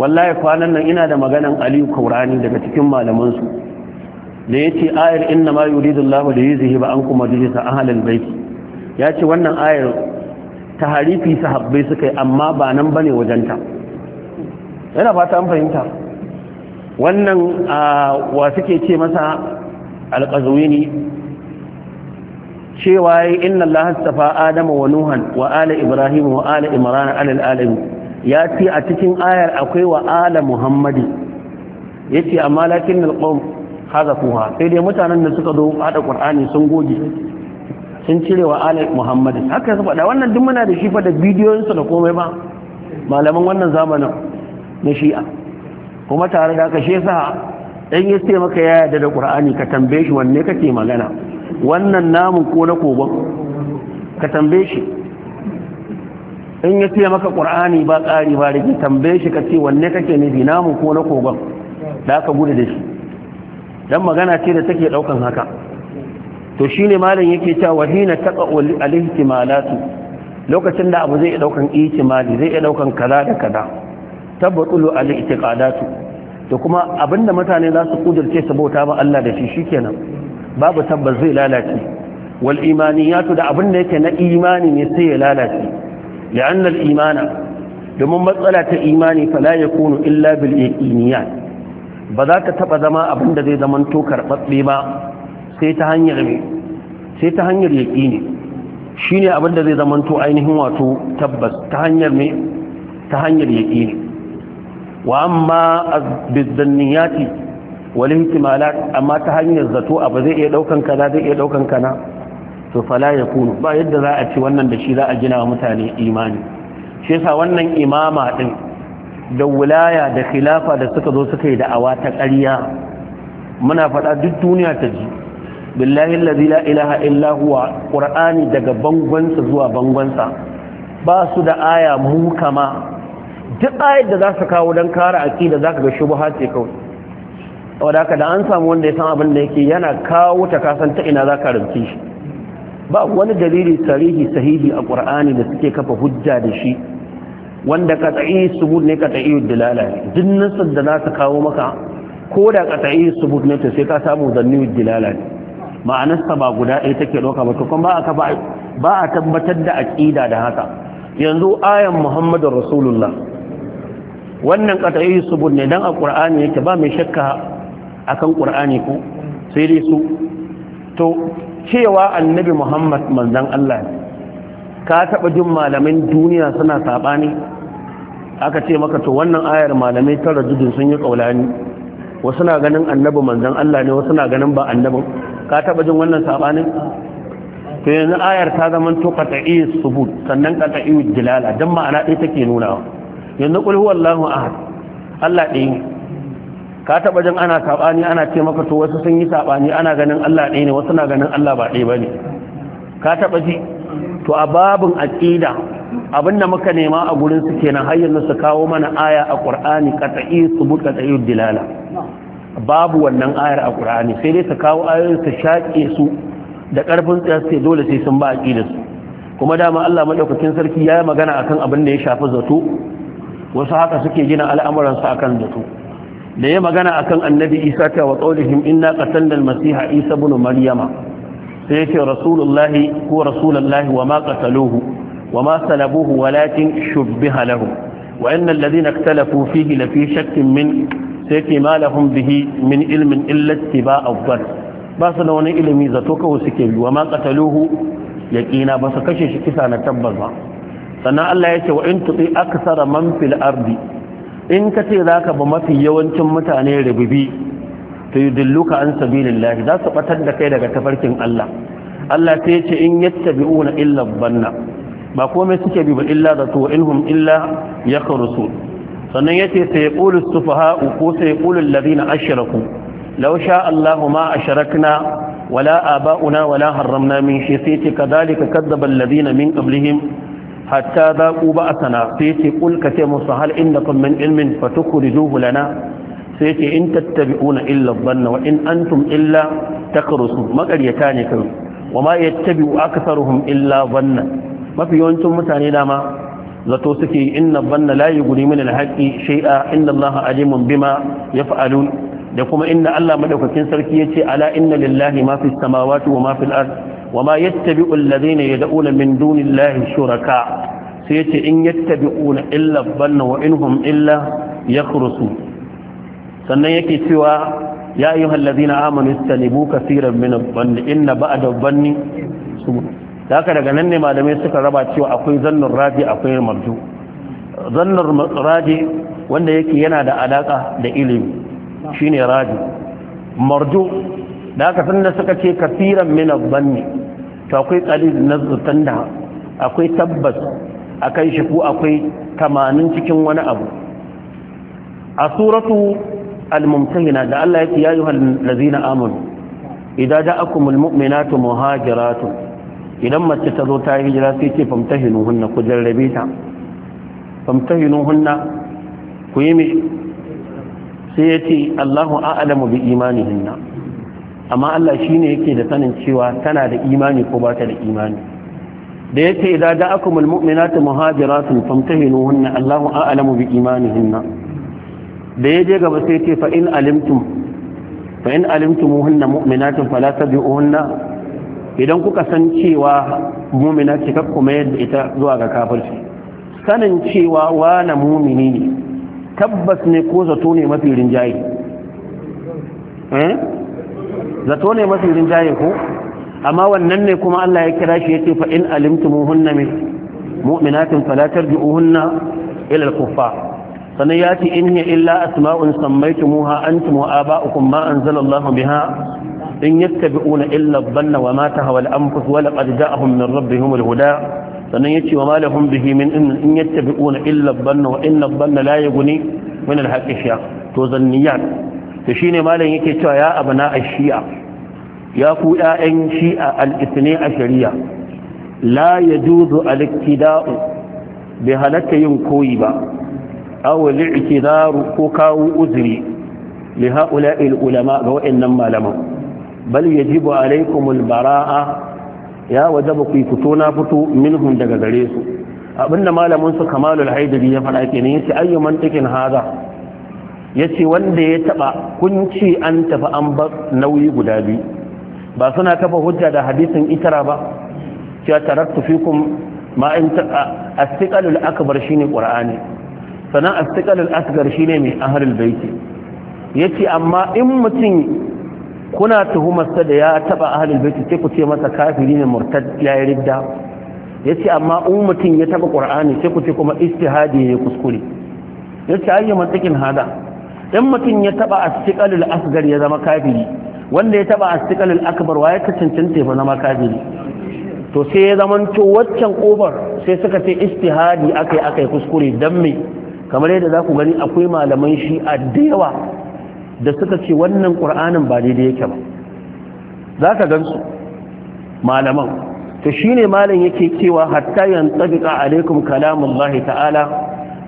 wallahi kwanan nan ina da maganan Aliyu Kaurani daga cikin malaman su da yace ayar inna ma yuridu Allahu li yuzhiba ankum majlisa ahlil bait yace wannan ayar tahrifi sahabbai suka yi amma ba nan bane wajenta yana fata an fahimta wannan wa suke ce masa alƙazuwini cewa yi inna Allah hastafa Adama wa Nuhan wa ala Ibrahim wa ala Imran ala ya ce a cikin ayar akwai wa ala Muhammadi yace amma lakin haza hazafuha sai dai mutanen da suka zo haɗa Qur'ani sun goge sun cire wa ala Muhammadi haka su faɗa wannan duk muna da shi fa da bidiyon da komai ba malaman wannan zamanin na Shi'a kuma tare da kashe sa in dan ya ce maka ya yarda da Qur'ani ka tambaye shi wanne kake magana wannan namun ko na koban ka tambaye shi in ya ce maka Qur'ani ba ƙari ba ke tambaye shi ka ce wanne kake nufi namun ko na koban da aka gudu da shi dan magana ce da take daukan haka to shine malam yake cewa wahina taqawul alihtimalatu lokacin da abu zai daukan ihtimali zai daukan kaza da kaza tabbatulu al itiqadatu da kuma abinda mutane za su kudirce ta ba Allah da shi shikenan babu tabbas zai lalace wal imaniyatu da abinda yake na imani ne sai ya lalace li'anna al imana domin matsala ta imani fala yakunu illa bil yaqiniyat ba za ka taba zama abinda zai zama to karbatse ba sai ta hanyar me sai ta hanyar yaqini shine abinda zai zama to ainihin wato tabbas ta hanyar me ta hanyar yaƙini wa amma bizzanniyati wal amma ta hanyar zato abu zai iya daukan kaza zai iya daukan kana to fala yakunu ba yadda za a ci wannan da shi za a gina wa mutane imani shi yasa wannan imama din da wulaya da khilafa da suka zo suka yi da'awa ta ƙarya muna faɗa duk duniya ta ji billahi allazi la ilaha illa huwa qur'ani daga bangonsa zuwa bangonsa ba su da aya mu kama duk ayat da za su kawo don kare aƙida za ka ga shubuha ce kawai wadda ka da an samu wanda ya san abin da yake yana kawo ta kasan ta ina za ka rinke shi ba wani dalili sarihi sahihi a ƙur'ani da suke kafa hujja da shi wanda ka tsaye subut ne ka tsaye duk nasar da za su kawo maka ko da ka tsaye subut ne ta sai ka samu zanni dilala ne ma'anarsa ba guda ɗaya take ɗauka ba to kuma ba a tabbatar da aƙida da haka yanzu ayan muhammadun rasulullah wannan su subut ne dan alqur'ani yake ba mai shakka akan qur'ani ko sai dai su to cewa annabi Muhammad manzan Allah ne ka taba jin malamin duniya suna sabani aka ce maka to wannan ayar malamai tara dudun sun yi kaulani wasu na ganin annabi manzan Allah ne wasu na ganin ba annabi ka taba jin wannan sabanin to yanzu ayar ta zama to qat'i subut sannan qat'i dilala dan ma'ana ɗaya take nunawa yanzu qul wallahu ahad Allah ɗaya ne ka taɓa jin ana sabani ana ce maka to wasu sun yi sabani ana ganin Allah ɗaya ne wasu na ganin Allah ba ɗaya ne ka taɓa ji to a babin aqida abinda muka nema a gurin su kenan har yanzu su kawo mana aya a Qur'ani qat'i subut qat'i dilala babu wannan ayar a ƙur'ani sai dai su kawo ayoyin su shaƙe su da ƙarfin tsaye dole sai sun ba a su kuma dama Allah maɗaukakin sarki ya yi magana akan abin da ya shafi zato wasu haka suke gina al'amuransu a kan zato da ya magana akan annabi isa ta wa qaulihim inna qatalna al-masiha isa bunu maryama sai ce rasulullahi ko rasulullahi wa ma qataluhu wa ma salabuhu walakin shubbiha halahu. wa inna alladhina ikhtalafu fihi fi shakkin min sai ke lahum bihi min ilmin illa ba ad ba su da wani ilimi zato kawai suke yi wa ma qataluhu yaqina ba su kashe shi kisa na tabbas ba sannan Allah ya ce wa in tuti aksara man fil ardi in ka ce zaka ba mafi yawancin mutane rububi to yudilluka an sabilillahi za su batar da kai daga tafarkin Allah Allah ta ya ce in yattabi'una illa banna ba komai suke bi ba illa da to in hum illa yakhrusun sannan yace sai yaqulu sufaha'u ko sai yaqulu alladhina ashraku law sha Allahu ma na wala aba'una wala harramna min shay'in kadhalika kadzaba alladhina min qablihim hatta za ku ba a sana sai ce kulka ce musu hal inda kun min ilmin fatukurijuhu lana sai ce in tattabi'una illa banna wa in antum illa takrusun makaryata ne kai wa ma yattabi'u aktharuhum illa banna mafi yawancin mutane dama zato suke inna banna la yughni min al-haqqi shay'a inna allaha alimun bima yaf'alun da kuma inda Allah madaukakin sarki yace ala inna lillahi ma fi samawati wa ma fil ardh وما يتبع الذين يدعون من دون الله شركاء سيتي إن يتبعون إلا الظن وإنهم إلا يخرصون سنة يكي سوى يا أيها الذين آمنوا استنبوا كثيرا من الظن إن بعد الظن da haka daga nan ne malamai suka raba cewa akwai zannin raji akwai marju zannin raji wanda yake yana da alaka da ilimi shine raji marju da haka sanda suka ce kasiran min to akwai qalil nazratan da akwai tabbas akan shi ko akwai 80 cikin wani abu a suratu al-mumtahina da Allah yake ya ayyuhal ladzina amanu idza ja'akumul mu'minatu muhajiratun idan mace ta zo ta yi hijira sai ce famtahinuhunna ku jarrabe ta famtahinuhunna ku yi mi sai yace Allahu a'lamu bi imanihinna amma Allah shi ne yake da sanin cewa tana da imani ko ba ta da imani da yake idza da'akumul mu'minatu muhajiratun famtahinuhunna Allahu a'lamu bi imanihinna da je gaba sai ce fa in alimtum fa in alimtumuhunna mu'minatun fala tabi'uhunna idan kuka san cewa mu'mina ce kar kuma yadda ita zuwa ga kafirci sanin cewa na mu'mini tabbas ne ko zato ne mafi rinjaye eh zato ne mafi rinjaye ko amma wannan ne kuma Allah ya kira shi yace fa in alimtumuhunna min mu'minatin fala tarji'uhunna ila al-kuffar sanan yace in hiya illa asma'un sammaytumuha antum wa aba'ukum ma anzalallahu biha in yattabi'una illa dhanna wa ma tahwa al-anfus wa laqad ja'ahum min rabbihim al-huda sanan yace wa ma lahum bihi min in yattabi'una illa dhanna wa inna dhanna la yughni min al-haqqi shay'a to zanniyat da shi ne malam yake cewa ya abu na Shia. ya ku ‘ya'yan shi'a al'isne a shari'a la ya juzu al'ikida'u bai halatta yin koyi ba awali ikidaru ko kawo uzuri li haula ulama ga wa'annan malaman bal yajibu alaikumul bara'a ya wajaba ku fito na fito minhum daga gare su abinda malamin su kamalul haidari ya faɗa kenan yace ayyu mantiqin haza ya ce wanda ya taba kunci an tafi an ba nauyi guda biyu ba suna kafa hujja da hadisin itara ba cewa taraktu fikum ma in astiqalul akbar shine qur'ani sanan astiqalul asgar ne mai ahlul baiti ce amma in mutum kuna tuhumarsa da ya taba ahlul baiti sai ku ce masa kafiri ne murtad ya ridda yace amma in mutum ya taba ƙur'ani sai ku ce kuma istihadi ne kuskure yace ayyaman tsakin hada in mutum ya taba astiqalul asgar ya zama kafiri wanda ya taba astiqalul akbar waye ka cancanta ya zama kafiri to sai ya zama to waccan kofar sai suka ce istihadi akai akai kuskure dan me kamar yadda zaku gani akwai malaman shi da da suka ce wannan qur'anin ba daidai yake ba zaka gansu malaman to shine malam yake cewa hatta yantabiqa alaikum kalamullahi ta'ala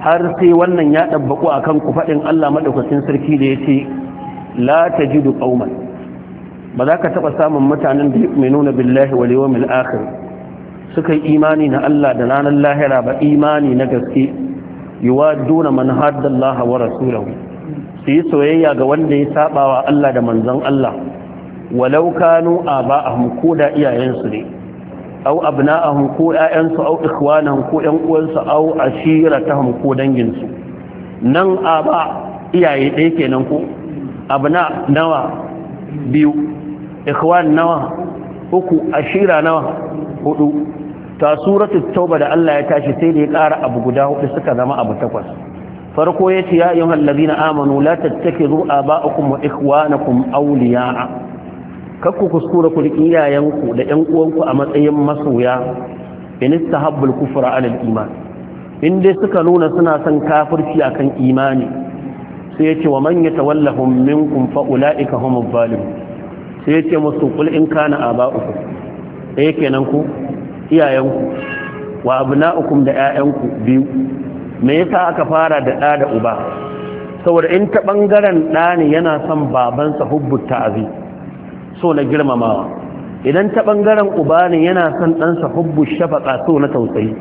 har sai wannan ya ɗabbaku a kan kufaɗin Allah maɗaukacin sarki da ya ce la ta ji ba za ka taɓa samun mutanen da mai nuna billahi wa lewa mil akhir suka yi imani na Allah da ranar lahira ba imani na gaske yiwa duna man haddallaha wa rasulahu su yi soyayya ga wanda ya saɓa wa Allah da manzon Allah walau kanu a ba a ko iyayensu ne aw abna'ahum ko ƴaƴansu aw ikhwanahum ko ƴan uwansu aw ashiratahum ko danginsu nan aba iyaye ɗaya kenan ko abna nawa biyu ikhwan nawa uku ashira nawa hudu ta suratu tauba da Allah ya tashi sai da ya ƙara abu guda hudu suka zama abu takwas farko yace ya ayyuhal ladina amanu la tattakhidhu aba'akum wa ikhwanakum awliya'a kakku kuskura ku iyayenku da ɗan uwanku a matsayin masoya in istahabbul kufra ala iman in dai suka nuna suna son kafirci akan imani sai yace wa man yatawallahum minkum fa ulaika humuz zalim sai yace musu kul in kana aba'ukum eh kenan ku iyayenku wa abna'ukum da ƴaƴanku biyu me yasa aka fara da ɗa da uba saboda in ta ɓangaren ɗa ne yana son babansa hubbu ta'azi so na girmamawa idan ta ɓangaren uba ne yana son ɗansa hubbu shafaƙa so na tausayi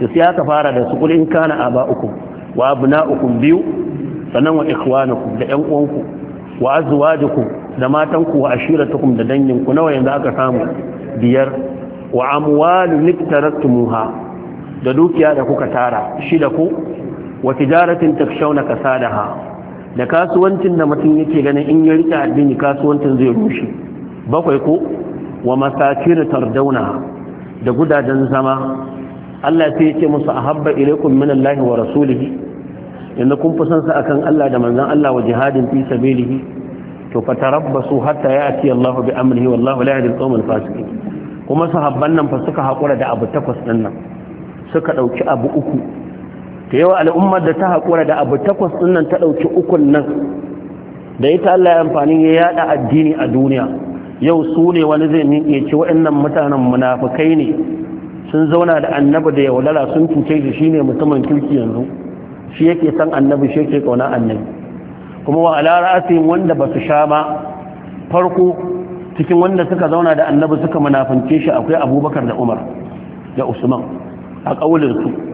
to aka fara da su kulin kana aba uku wa abna uku biyu sannan wa ikhwanukum da ƴan uwanku wa azwajukum da matanku wa ashiratukum da danginku nawa yanzu aka samu biyar wa amwalun iktarattumuha da dukiya da kuka tara shida ku wa tijaratin da ha? da kasuwancin da mutum yake ganin in ya rike addini kasuwancin zai rushe bakwai ko wa masakin tardauna da gudajen zama Allah sai yake musu ahabba ilaikum minallahi wa rasulihi inda kun fi sa akan Allah da manzon Allah wa jihadin fi sabilihi to fatarabbasu hatta ya'ti Allahu bi amrihi wallahu la yahdi al-qawmal fasiqin kuma sahabban nan fa suka hakura da abu takwas din nan suka dauki abu uku ta yawa al'ummar da ta haƙura da abu takwas nan ta ɗauki ukun nan da ita Allah ya amfani ya yada addini a duniya yau su ne wani zai miƙe ci waɗannan mutanen munafukai ne sun zauna da annabi da yaudara sun cuce shi shine mutumin kirki yanzu shi yake san annabi shi yake kauna annabi kuma wa ala ra'asin wanda ba su sha ba farko cikin wanda suka zauna da annabi suka munafince shi akwai abubakar da umar da usman a ƙaulinsu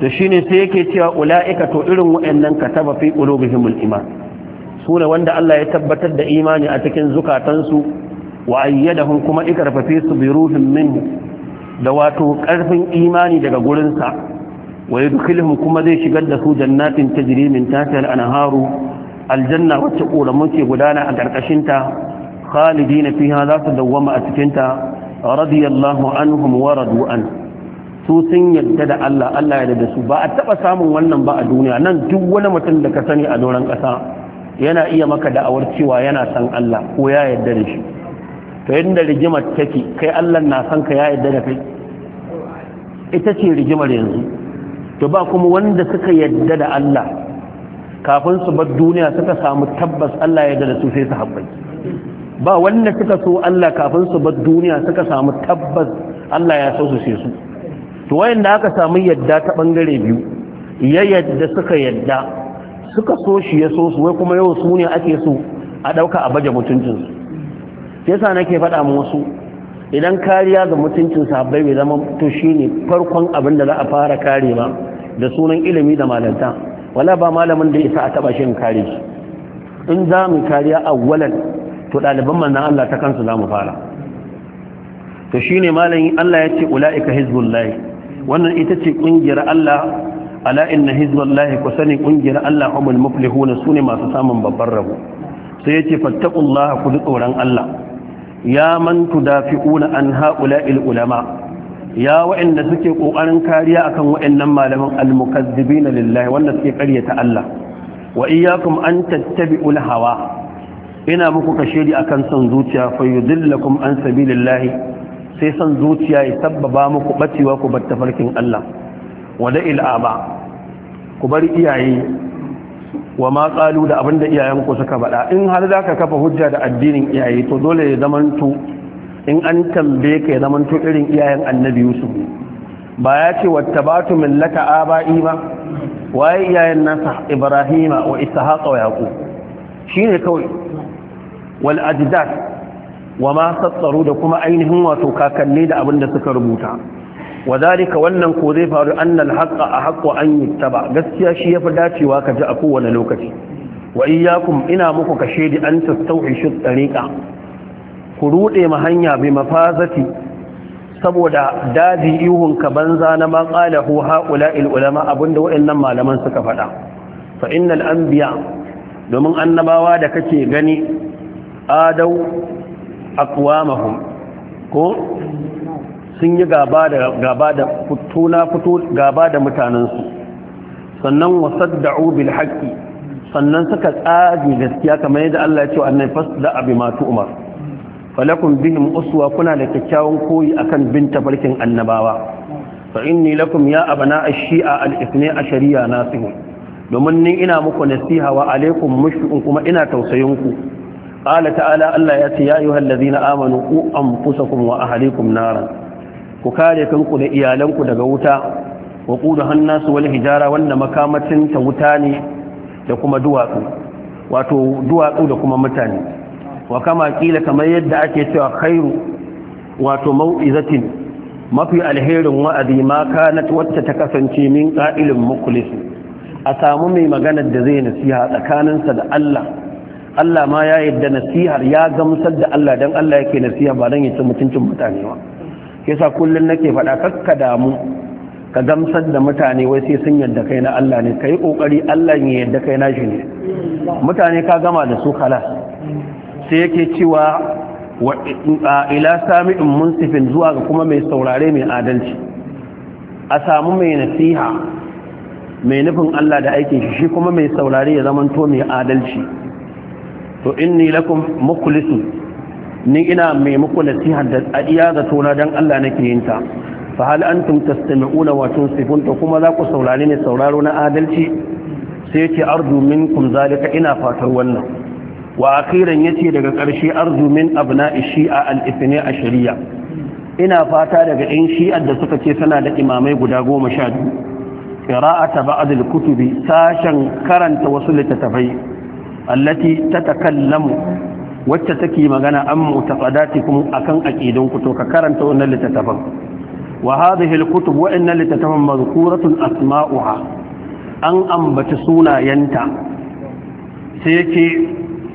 to shine sai yake cewa ula'ika to irin waɗannan kataba fi qulubihimul iman sune wanda Allah ya tabbatar da imani a cikin zukatansu wa ayyadahum kuma ikarfafe su bi ruhin min da wato karfin imani daga gurinsa wa yadkhuluhum kuma zai shigar da su jannatin tajri min tahtiha al-anharu aljanna wacce koramun ke gudana a karkashin ta khalidina fiha za su dawwama a cikin ta radiyallahu anhum wa radu anhu su sun yarda da Allah Allah ya da su ba a taba samun wannan ba a duniya nan duk wani mutum da ka sani a doron ƙasa yana iya maka da'awar cewa yana san Allah ko ya yarda da shi to yadda rigimar take kai Allah na san ka ya yarda da kai ita ce rigimar yanzu to ba kuma wanda suka yarda da Allah kafin su bar duniya suka samu tabbas Allah ya yarda da su sai su habbai ba wanda suka so Allah kafin su bar duniya suka samu tabbas Allah ya so su sai su to wayanda aka samu yadda ta bangare biyu ya yadda suka yadda suka so shi ya so su wai kuma yau su ne ake so a dauka a baje mutuncin su sa nake faɗa mu wasu idan kariya ga mutuncin sa bai zama to shine farkon abin da za a fara kare ba da sunan ilimi da malanta wala ba malamin da isa a taba shi kare shi in za mu kariya awwalan to ɗaliban manzan Allah ta kansu za mu fara to shine ne Allah ya ce ula'ika hizbullahi wannan ita ce ƙungiyar Allah ala inna hizballahi ku sani ƙungiyar Allah humul muflihuna sune masu samun babban rabo sai yace fattaqullaha ku tsoron Allah ya man tudafi'una an ha'ula'il ulama ya wa'anda suke kokarin kariya akan wa'annan malaman al na lillahi wanda suke ƙaryata Allah wa iyyakum an tattabi'ul hawa ina muku kashiri akan son zuciya fa an sabilillahi sai son zuciya ya sabbaba muku bacewa ku bar tafarkin Allah wada il'aba ku bar iyaye wa ma qalu da abinda iyayenku suka baɗa. in har zaka kafa hujja da addinin iyaye to dole ya zamanto in an tambaye ka ya zamanto irin iyayen Annabi Yusuf ba ya ce wattabatu millata aba'i ba waye iyayen nasa Ibrahima wa Ishaq wa Yaqub shine kawai wal ajdad wa ma tsatsaru da kuma ainihin wato kakanni da abin da suka rubuta wa zalika wannan ko zai faru annal haqqa a haqqo an yittaba gaskiya shi yafi dacewa ka ji a kowane lokaci wa iyyakum ina muku kashe di an tastauhishu tariqa ku rude ma hanya bi mafazati saboda dadi ihun ka banza na ma ha'ula haula'il ulama abinda waɗannan malaman suka faɗa fa innal anbiya domin annabawa da kake gani adau aqwamahum ko sun yi gaba da gaba da fituna fito gaba da mutanensu sannan wasadda'u bil haqqi sannan suka tsage gaskiya kamar yadda Allah ya ce annai fasda abi ma Umar? falakum bihim uswa kuna da kyakkyawan koyi akan bin tafarkin annabawa fa inni lakum ya abana ash-shi'a al-ithni ashariya nasihun domin ni ina muku nasiha wa alaikum mushfiqun kuma ina tausayinku. ku qala ta'ala Allah ya ce ya ayyuhal ladina amanu qu anfusakum wa ahlikum ku kare kanku da iyalanku daga wuta wa qudaha wal hijara wanda makamacin ta wuta ne da kuma duwatsu wato duwatsu da kuma mutane wa kama kila kamar yadda ake cewa khairu wato mau'izatin mafi alherin wa'azi ma kanat wacce ta kasance min qa'ilin mukhlis a samu mai maganar da zai nasiha tsakaninsa da Allah Allah ma ya yadda nasihar ya gamsar da Allah don Allah yake nasiha ba ya ci mutuncin mutane ba yasa kullum nake faɗa kakka damu ka gamsar da mutane wai sai sun yadda kai na Allah ne kai kokari Allah ya yadda kai na shi ne mutane ka gama da su kala sai yake cewa wa ila sami'in munsifin zuwa ga kuma mai saurare mai adalci a samu mai nasiha mai nufin Allah da aikin shi shi kuma mai saurare ya zamanto mai adalci to inni lakum mukhlisu ni ina mai muku nasiha da adiya ga tona dan Allah nake yin ta fa hal antum tastami'una wa tunsifun to kuma za ku saurare ne sauraro na adalci sai yace arju minkum zalika ina fatar wannan wa akhiran yace daga karshe arju min abna'i shi'a al-ithni ashriya ina fata daga in shi'ar da suka ce tana da imamai guda goma sha biyu ƙira'ata ba'ad al-kutubi sashen karanta wasu littattafai allati tatakallamu wacce take magana an mu'taqadatikum akan a ku to ka karanta wannan littattafan wa hadhihi alkutub wa inna littattafan mazkuratun asma'uha an ambaci sunayenta sai yake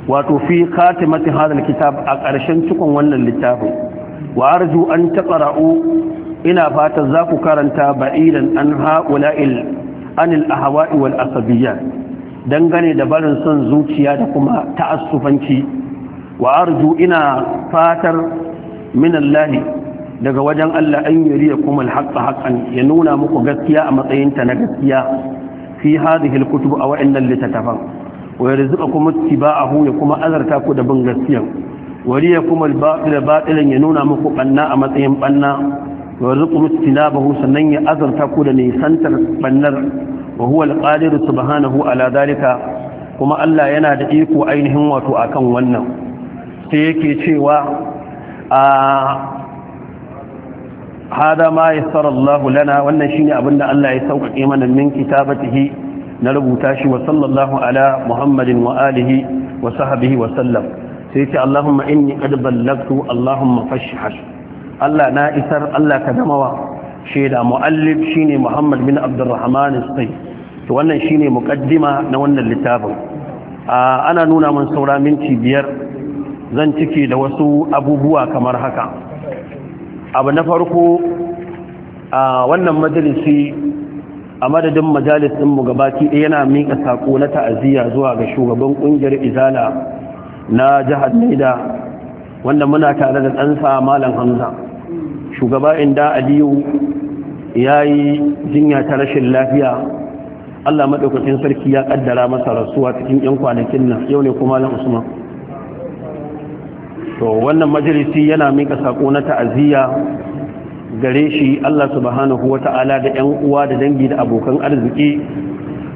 wato fi khatimati hadha kitab a ƙarshen cikon wannan littafin wa arju an taqra'u ina fatan za ku karanta ba'idan an ha'ula'il anil ahwa'i wal asabiyyan dangane da barin son zuciya da kuma ta'assufanci wa arju ina fatar minallahi daga wajen Allah an yuri ya kuma alhaqqa haqqan ya nuna muku gaskiya a matsayin ta na gaskiya fi hadhihi alkutub aw inna littattafan, wa yarzuqukum ittiba'ahu ya kuma azarta ku da bin gaskiya wari ya kuma albatila batilan ya nuna muku banna a matsayin banna wa rukunin tinabahu sannan ya azarta ko da nisantar bannar wa huwa alƙadiru subhanahu ala dalika kuma Allah yana da iko ainihin wato akan wannan sai yake cewa a hada lana wannan shine abin da Allah ya sauƙaƙe mana min kitabatihi na rubuta shi wa sallallahu ala muhammadin wa alihi wa sahbihi wa sallam sai yake Allahumma inni qad ballagtu Allahumma fashhash Allah na isar Allah ka damawa shaida muallif shine Muhammad bin Abdurrahman Sai to wannan shine muqaddima na wannan littafin ana nuna mun saura minti biyar zan cike da wasu abubuwa kamar haka abu na farko a wannan majalisi a madadin majalis majalisin mu gabaki ɗaya yana mika sako na ta'aziyya zuwa ga shugaban ƙungiyar izala na jihar Naida wanda muna tare da ɗansa Malam Hamza shugaba inda aliyu ya yi jinya ta rashin lafiya allah maɗaukacin sarki ya ƙaddara masa rasuwa cikin 'yan kwanakin nan yau ne kuma na usman to wannan majalisi yana mika sako na ta'aziyya gare shi allah subhanahu wa ta'ala da 'yan uwa da dangi da abokan arziki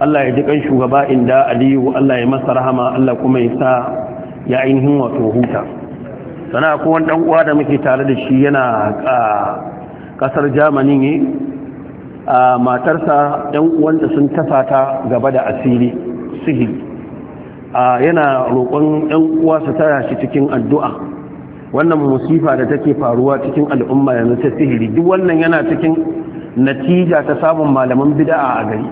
allah ya ji kan shugaba inda aliyu allah ya masa rahama allah kuma ya sa ya ainihin wato huta sana ko wani dan uwa da muke tare da shi yana kasar Germany ne a matarsa dan uwanta sun tafa ta gaba da asiri sihiri a yana roƙon ɗan uwa su taya shi cikin addu'a wannan musifa da take faruwa cikin al'umma yanzu ta sihiri duk wannan yana cikin natija ta samun malaman bida'a a gari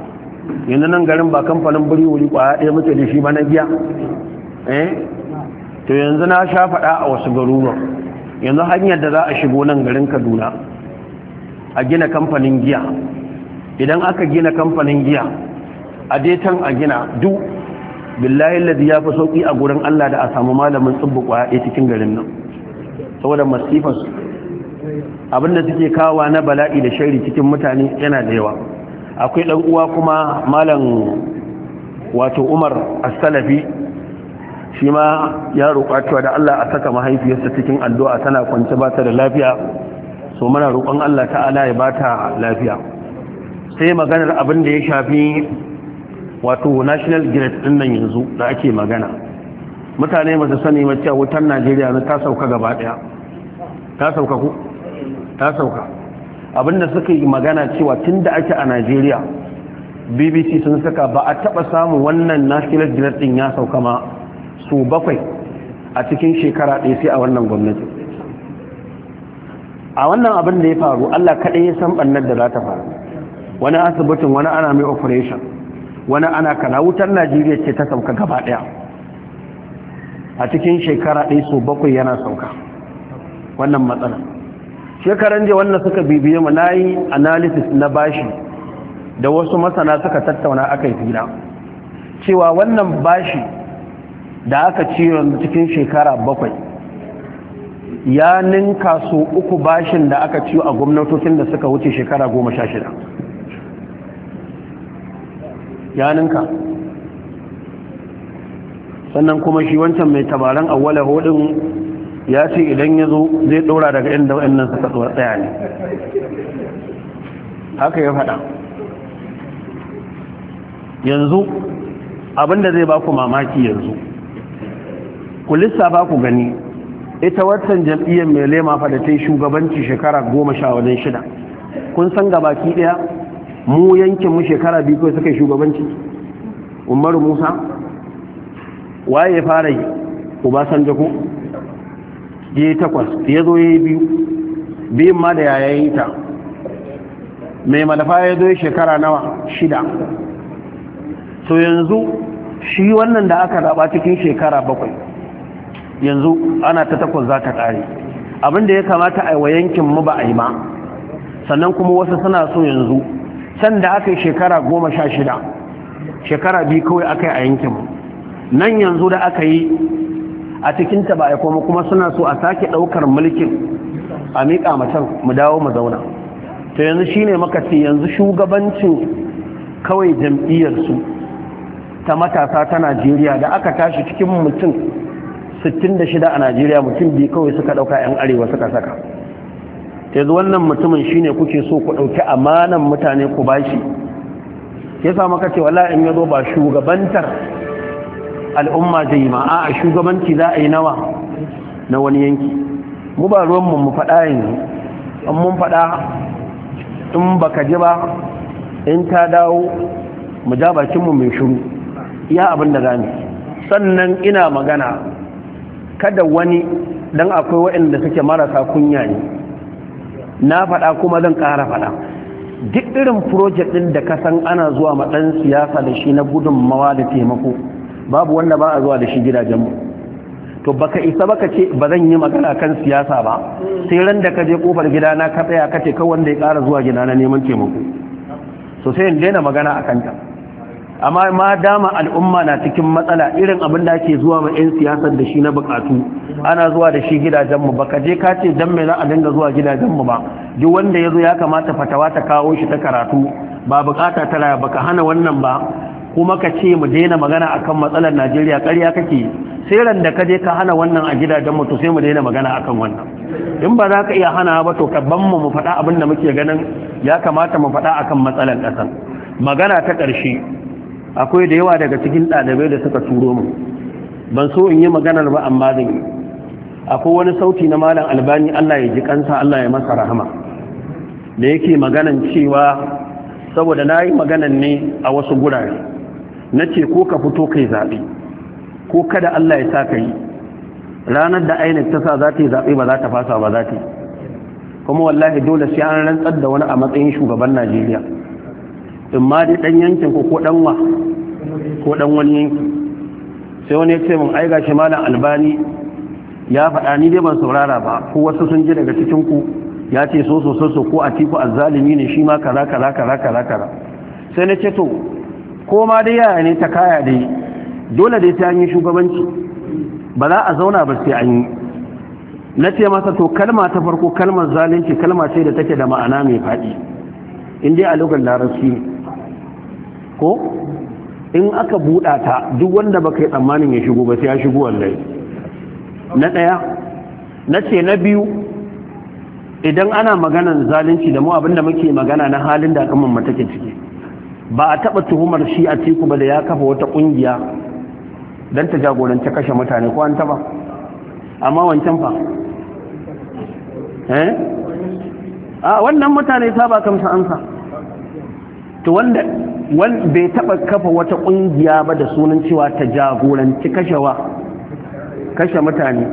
yanzu nan garin ba kamfanin buri wuri kwaya ɗaya muke da shi ba na giya eh to yanzu na sha faɗa a wasu garuruwan yanzu hanyar da za a shigo nan garin kaduna a gina kamfanin giya idan aka gina kamfanin giya a daitan a gina duk billahi lalzi ya fi sauƙi a gurin allah da a samu malamin tsibbi kwaya cikin garin nan saboda masifas abinda suke kawa na bala'i da shari cikin mutane yana da yawa akwai ɗan uwa kuma malam wato umar as-salafi shi ma ya roƙa cewa da Allah a saka mahaifiyarsa cikin addu'a tana kwance ba ta da lafiya so mana roƙon Allah ta'ala ya ba ta lafiya sai maganar abin da ya shafi wato national grid din nan yanzu da ake magana mutane ba su sani ba cewa wutar Najeriya na ta sauka gaba ɗaya ta sauka ku ta sauka da suka yi magana cewa tun da ake a najeriya bbc sun saka ba a taba samun wannan national grid din ya sauka ma su bakwai a cikin shekara ɗaya sai a wannan gwamnati a wannan abin da ya faru allah kaɗai ya san ɓannar da za ta faru wani asibitin wani ana mai operation wani ana kana wutar najeriya ce ta sauka gaba ɗaya a cikin shekara ɗaya su bakwai yana sauka wannan matsala shekaran je wannan suka bibiye mu na yi analysis na bashi da wasu masana suka tattauna aka yi cewa wannan bashi da aka ci yanzu cikin shekara bakwai ya ninka su uku bashin da aka ciwo a gwamnatocin da suka wuce shekara goma sha shida ya ninka sannan kuma shi wancan mai tabaran wale hudun ya ce idan ya zo zai ɗora daga inda wa'annan suka tsaya ne haka ya faɗa yanzu abinda zai baku mamaki yanzu ku lissafa ku gani ita watan jam'iyyar mai lema fada ta yi shugabanci shekara goma sha wajen shida kun san ki ɗaya mu yankin mu shekara biyu kawai suka yi shugabanci umaru musa waye ya fara yi san jako ya yi takwas ya zo ya yi biyu biyun ma da yi ta mai malafa ya zo shekara nawa shida so yanzu shi wannan da aka raba cikin shekara bakwai yanzu ana ta takwas za ta ƙare abinda ya kamata a wa yankin mu ba a yi ma sannan kuma wasu suna so yanzu can da aka yi shekara goma sha shida shekara biyu kawai aka yi a yankin mu nan yanzu da aka yi a cikinta ba a yi kuma suna so a sake ɗaukar mulkin a miƙa macen mu dawo mu zauna to yanzu shine maka ce yanzu shugabancin kawai jam'iyyarsu ta matasa ta najeriya da aka tashi cikin mutum da shida a najeriya mutum biyu kawai suka ɗauka 'yan arewa suka saka yanzu wannan mutumin shine kuke so ku ɗauki amanan mutane ku bashi ya sa maka ce wala in yazo ba shugabantar al'umma zai yi ma'a a shugabanci za a yi nawa na wani yanki mu ba ruwan mu faɗa yanzu an mun faɗa in baka ji ba in ta dawo mu ja bakin mu mai shiru iya abin da zamu sannan ina magana kada wani dan akwai waɗanda suke marasa kunya ne na faɗa kuma zan ƙara faɗa duk irin project ɗin da ka san ana zuwa ma siyasa da shi na gudunmawa da taimako babu wanda ba a zuwa da shi mu. to baka isa baka ce ba zan yi magana kan siyasa ba sai ran da ka je kofar gidana ka tsaya ka ce kawai wanda ya ƙara zuwa na neman taimako so sai in daina magana a kanta amma ma dama al'umma na cikin matsala irin abin da ake zuwa ma 'yan siyasar da shi na bukatu ana zuwa da shi gidajenmu ba ka je ka ce don me za a dinga zuwa gidajenmu ba duk wanda ya zo ya kamata fatawa ta kawo shi ta karatu ba bukata ta raya ba ka hana wannan ba kuma ka ce mu daina magana akan matsalar najeriya ƙarya kake sai ran da ka je ka hana wannan a gidajenmu to sai mu daina magana akan wannan in ba za ka iya hana ba to ka ban mu mu faɗa abin da muke ganin ya kamata mu faɗa akan matsalar ƙasar magana ta ƙarshe akwai da yawa daga cikin ɗalibai da suka turo mu ban so in yi maganar ba amma zan yi akwai wani sauti na malam albani Allah ya ji kansa Allah ya masa rahama da yake maganan cewa saboda na yi maganan ne a wasu gurare na ce ko ka fito kai zaɓe ko kada Allah ya sa ka yi ranar da INEC ta sa za ta yi zaɓe ba za ta fasa ba za ta kuma wallahi dole sai an rantsar da wani a matsayin shugaban najeriya in ma dai dan yankin ko ko dan wa ko dan wani yanki sai wani ya ce min ai gashi malam albani ya faɗa ni dai ban saurara ba ko wasu sun ji daga cikin ku ya ce so so so ko a tiku azzalimi ne shi ma kaza kaza kaza kaza kaza sai na ce to ko ma dai yaya ne ta kaya dai dole dai ta yi shugabanci ba za a zauna ba sai an yi na ce masa to kalma ta farko kalmar zalunci kalma ce da take da ma'ana mai faɗi in dai a lokacin larabci ne ko in aka buɗa ta duk wanda baka yi tsammanin ya shigo ba sai ya shigo wallahi na ɗaya na ce na biyu idan ana maganan zalunci da mu abinda muke magana na halin da al'ummar mata ke ciki ba a taɓa tuhumar shi a teku ba da ya kafa wata ƙungiya don ta jagoranci kashe mutane ko an taɓa amma wancan fa eh a wannan mutane ta ba kamsa ansa to wanda bai taba kafa wata kungiya ba da sunan cewa ta jagoranci kashewa kashe mutane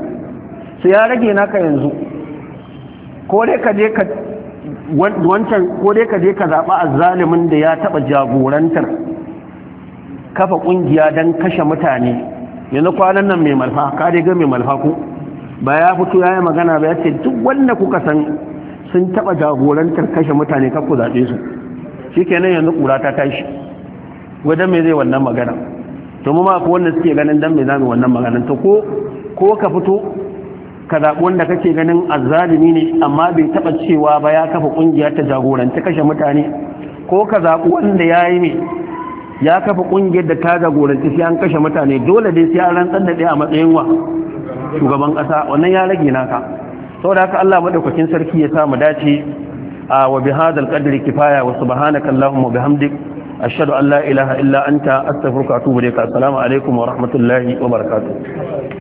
su ya rage naka yanzu ko dai ka je ka wancan ko dai ka je ka zaɓa a zalimin da ya taɓa jagorantar kafa ƙungiya don kashe mutane yanzu kwanan nan mai malfa ka dai ga mai malfa ku ba ya fito ya yi magana ba ya ce duk wanda kuka san sun taɓa jagorantar kashe mutane kakku zaɓe su shi kenan yanzu ƙura ta tashi wajen mai zai wannan magana to mu ma ku wanda suke ganin dan mai zami wannan magana to ko ko ka fito ka zaɓi wanda kake ganin azzalimi ne amma bai taɓa cewa ba ya kafa ƙungiya ta jagoranci kashe mutane ko ka zaɓi wanda ya yi mai ya kafa ƙungiyar da ta jagoranci sai an kashe mutane dole dai sai an rantsar da ɗaya a matsayin wa shugaban ƙasa wannan ya rage naka saboda haka Allah madaukakin sarki ya sa mu dace wa bi hadal qadri kifaya wa subhanaka allahumma bihamdik ashhadu an la ilaha illa anta astaghfiruka wa atubu ilaik assalamu alaikum wa rahmatullahi wa barakatuh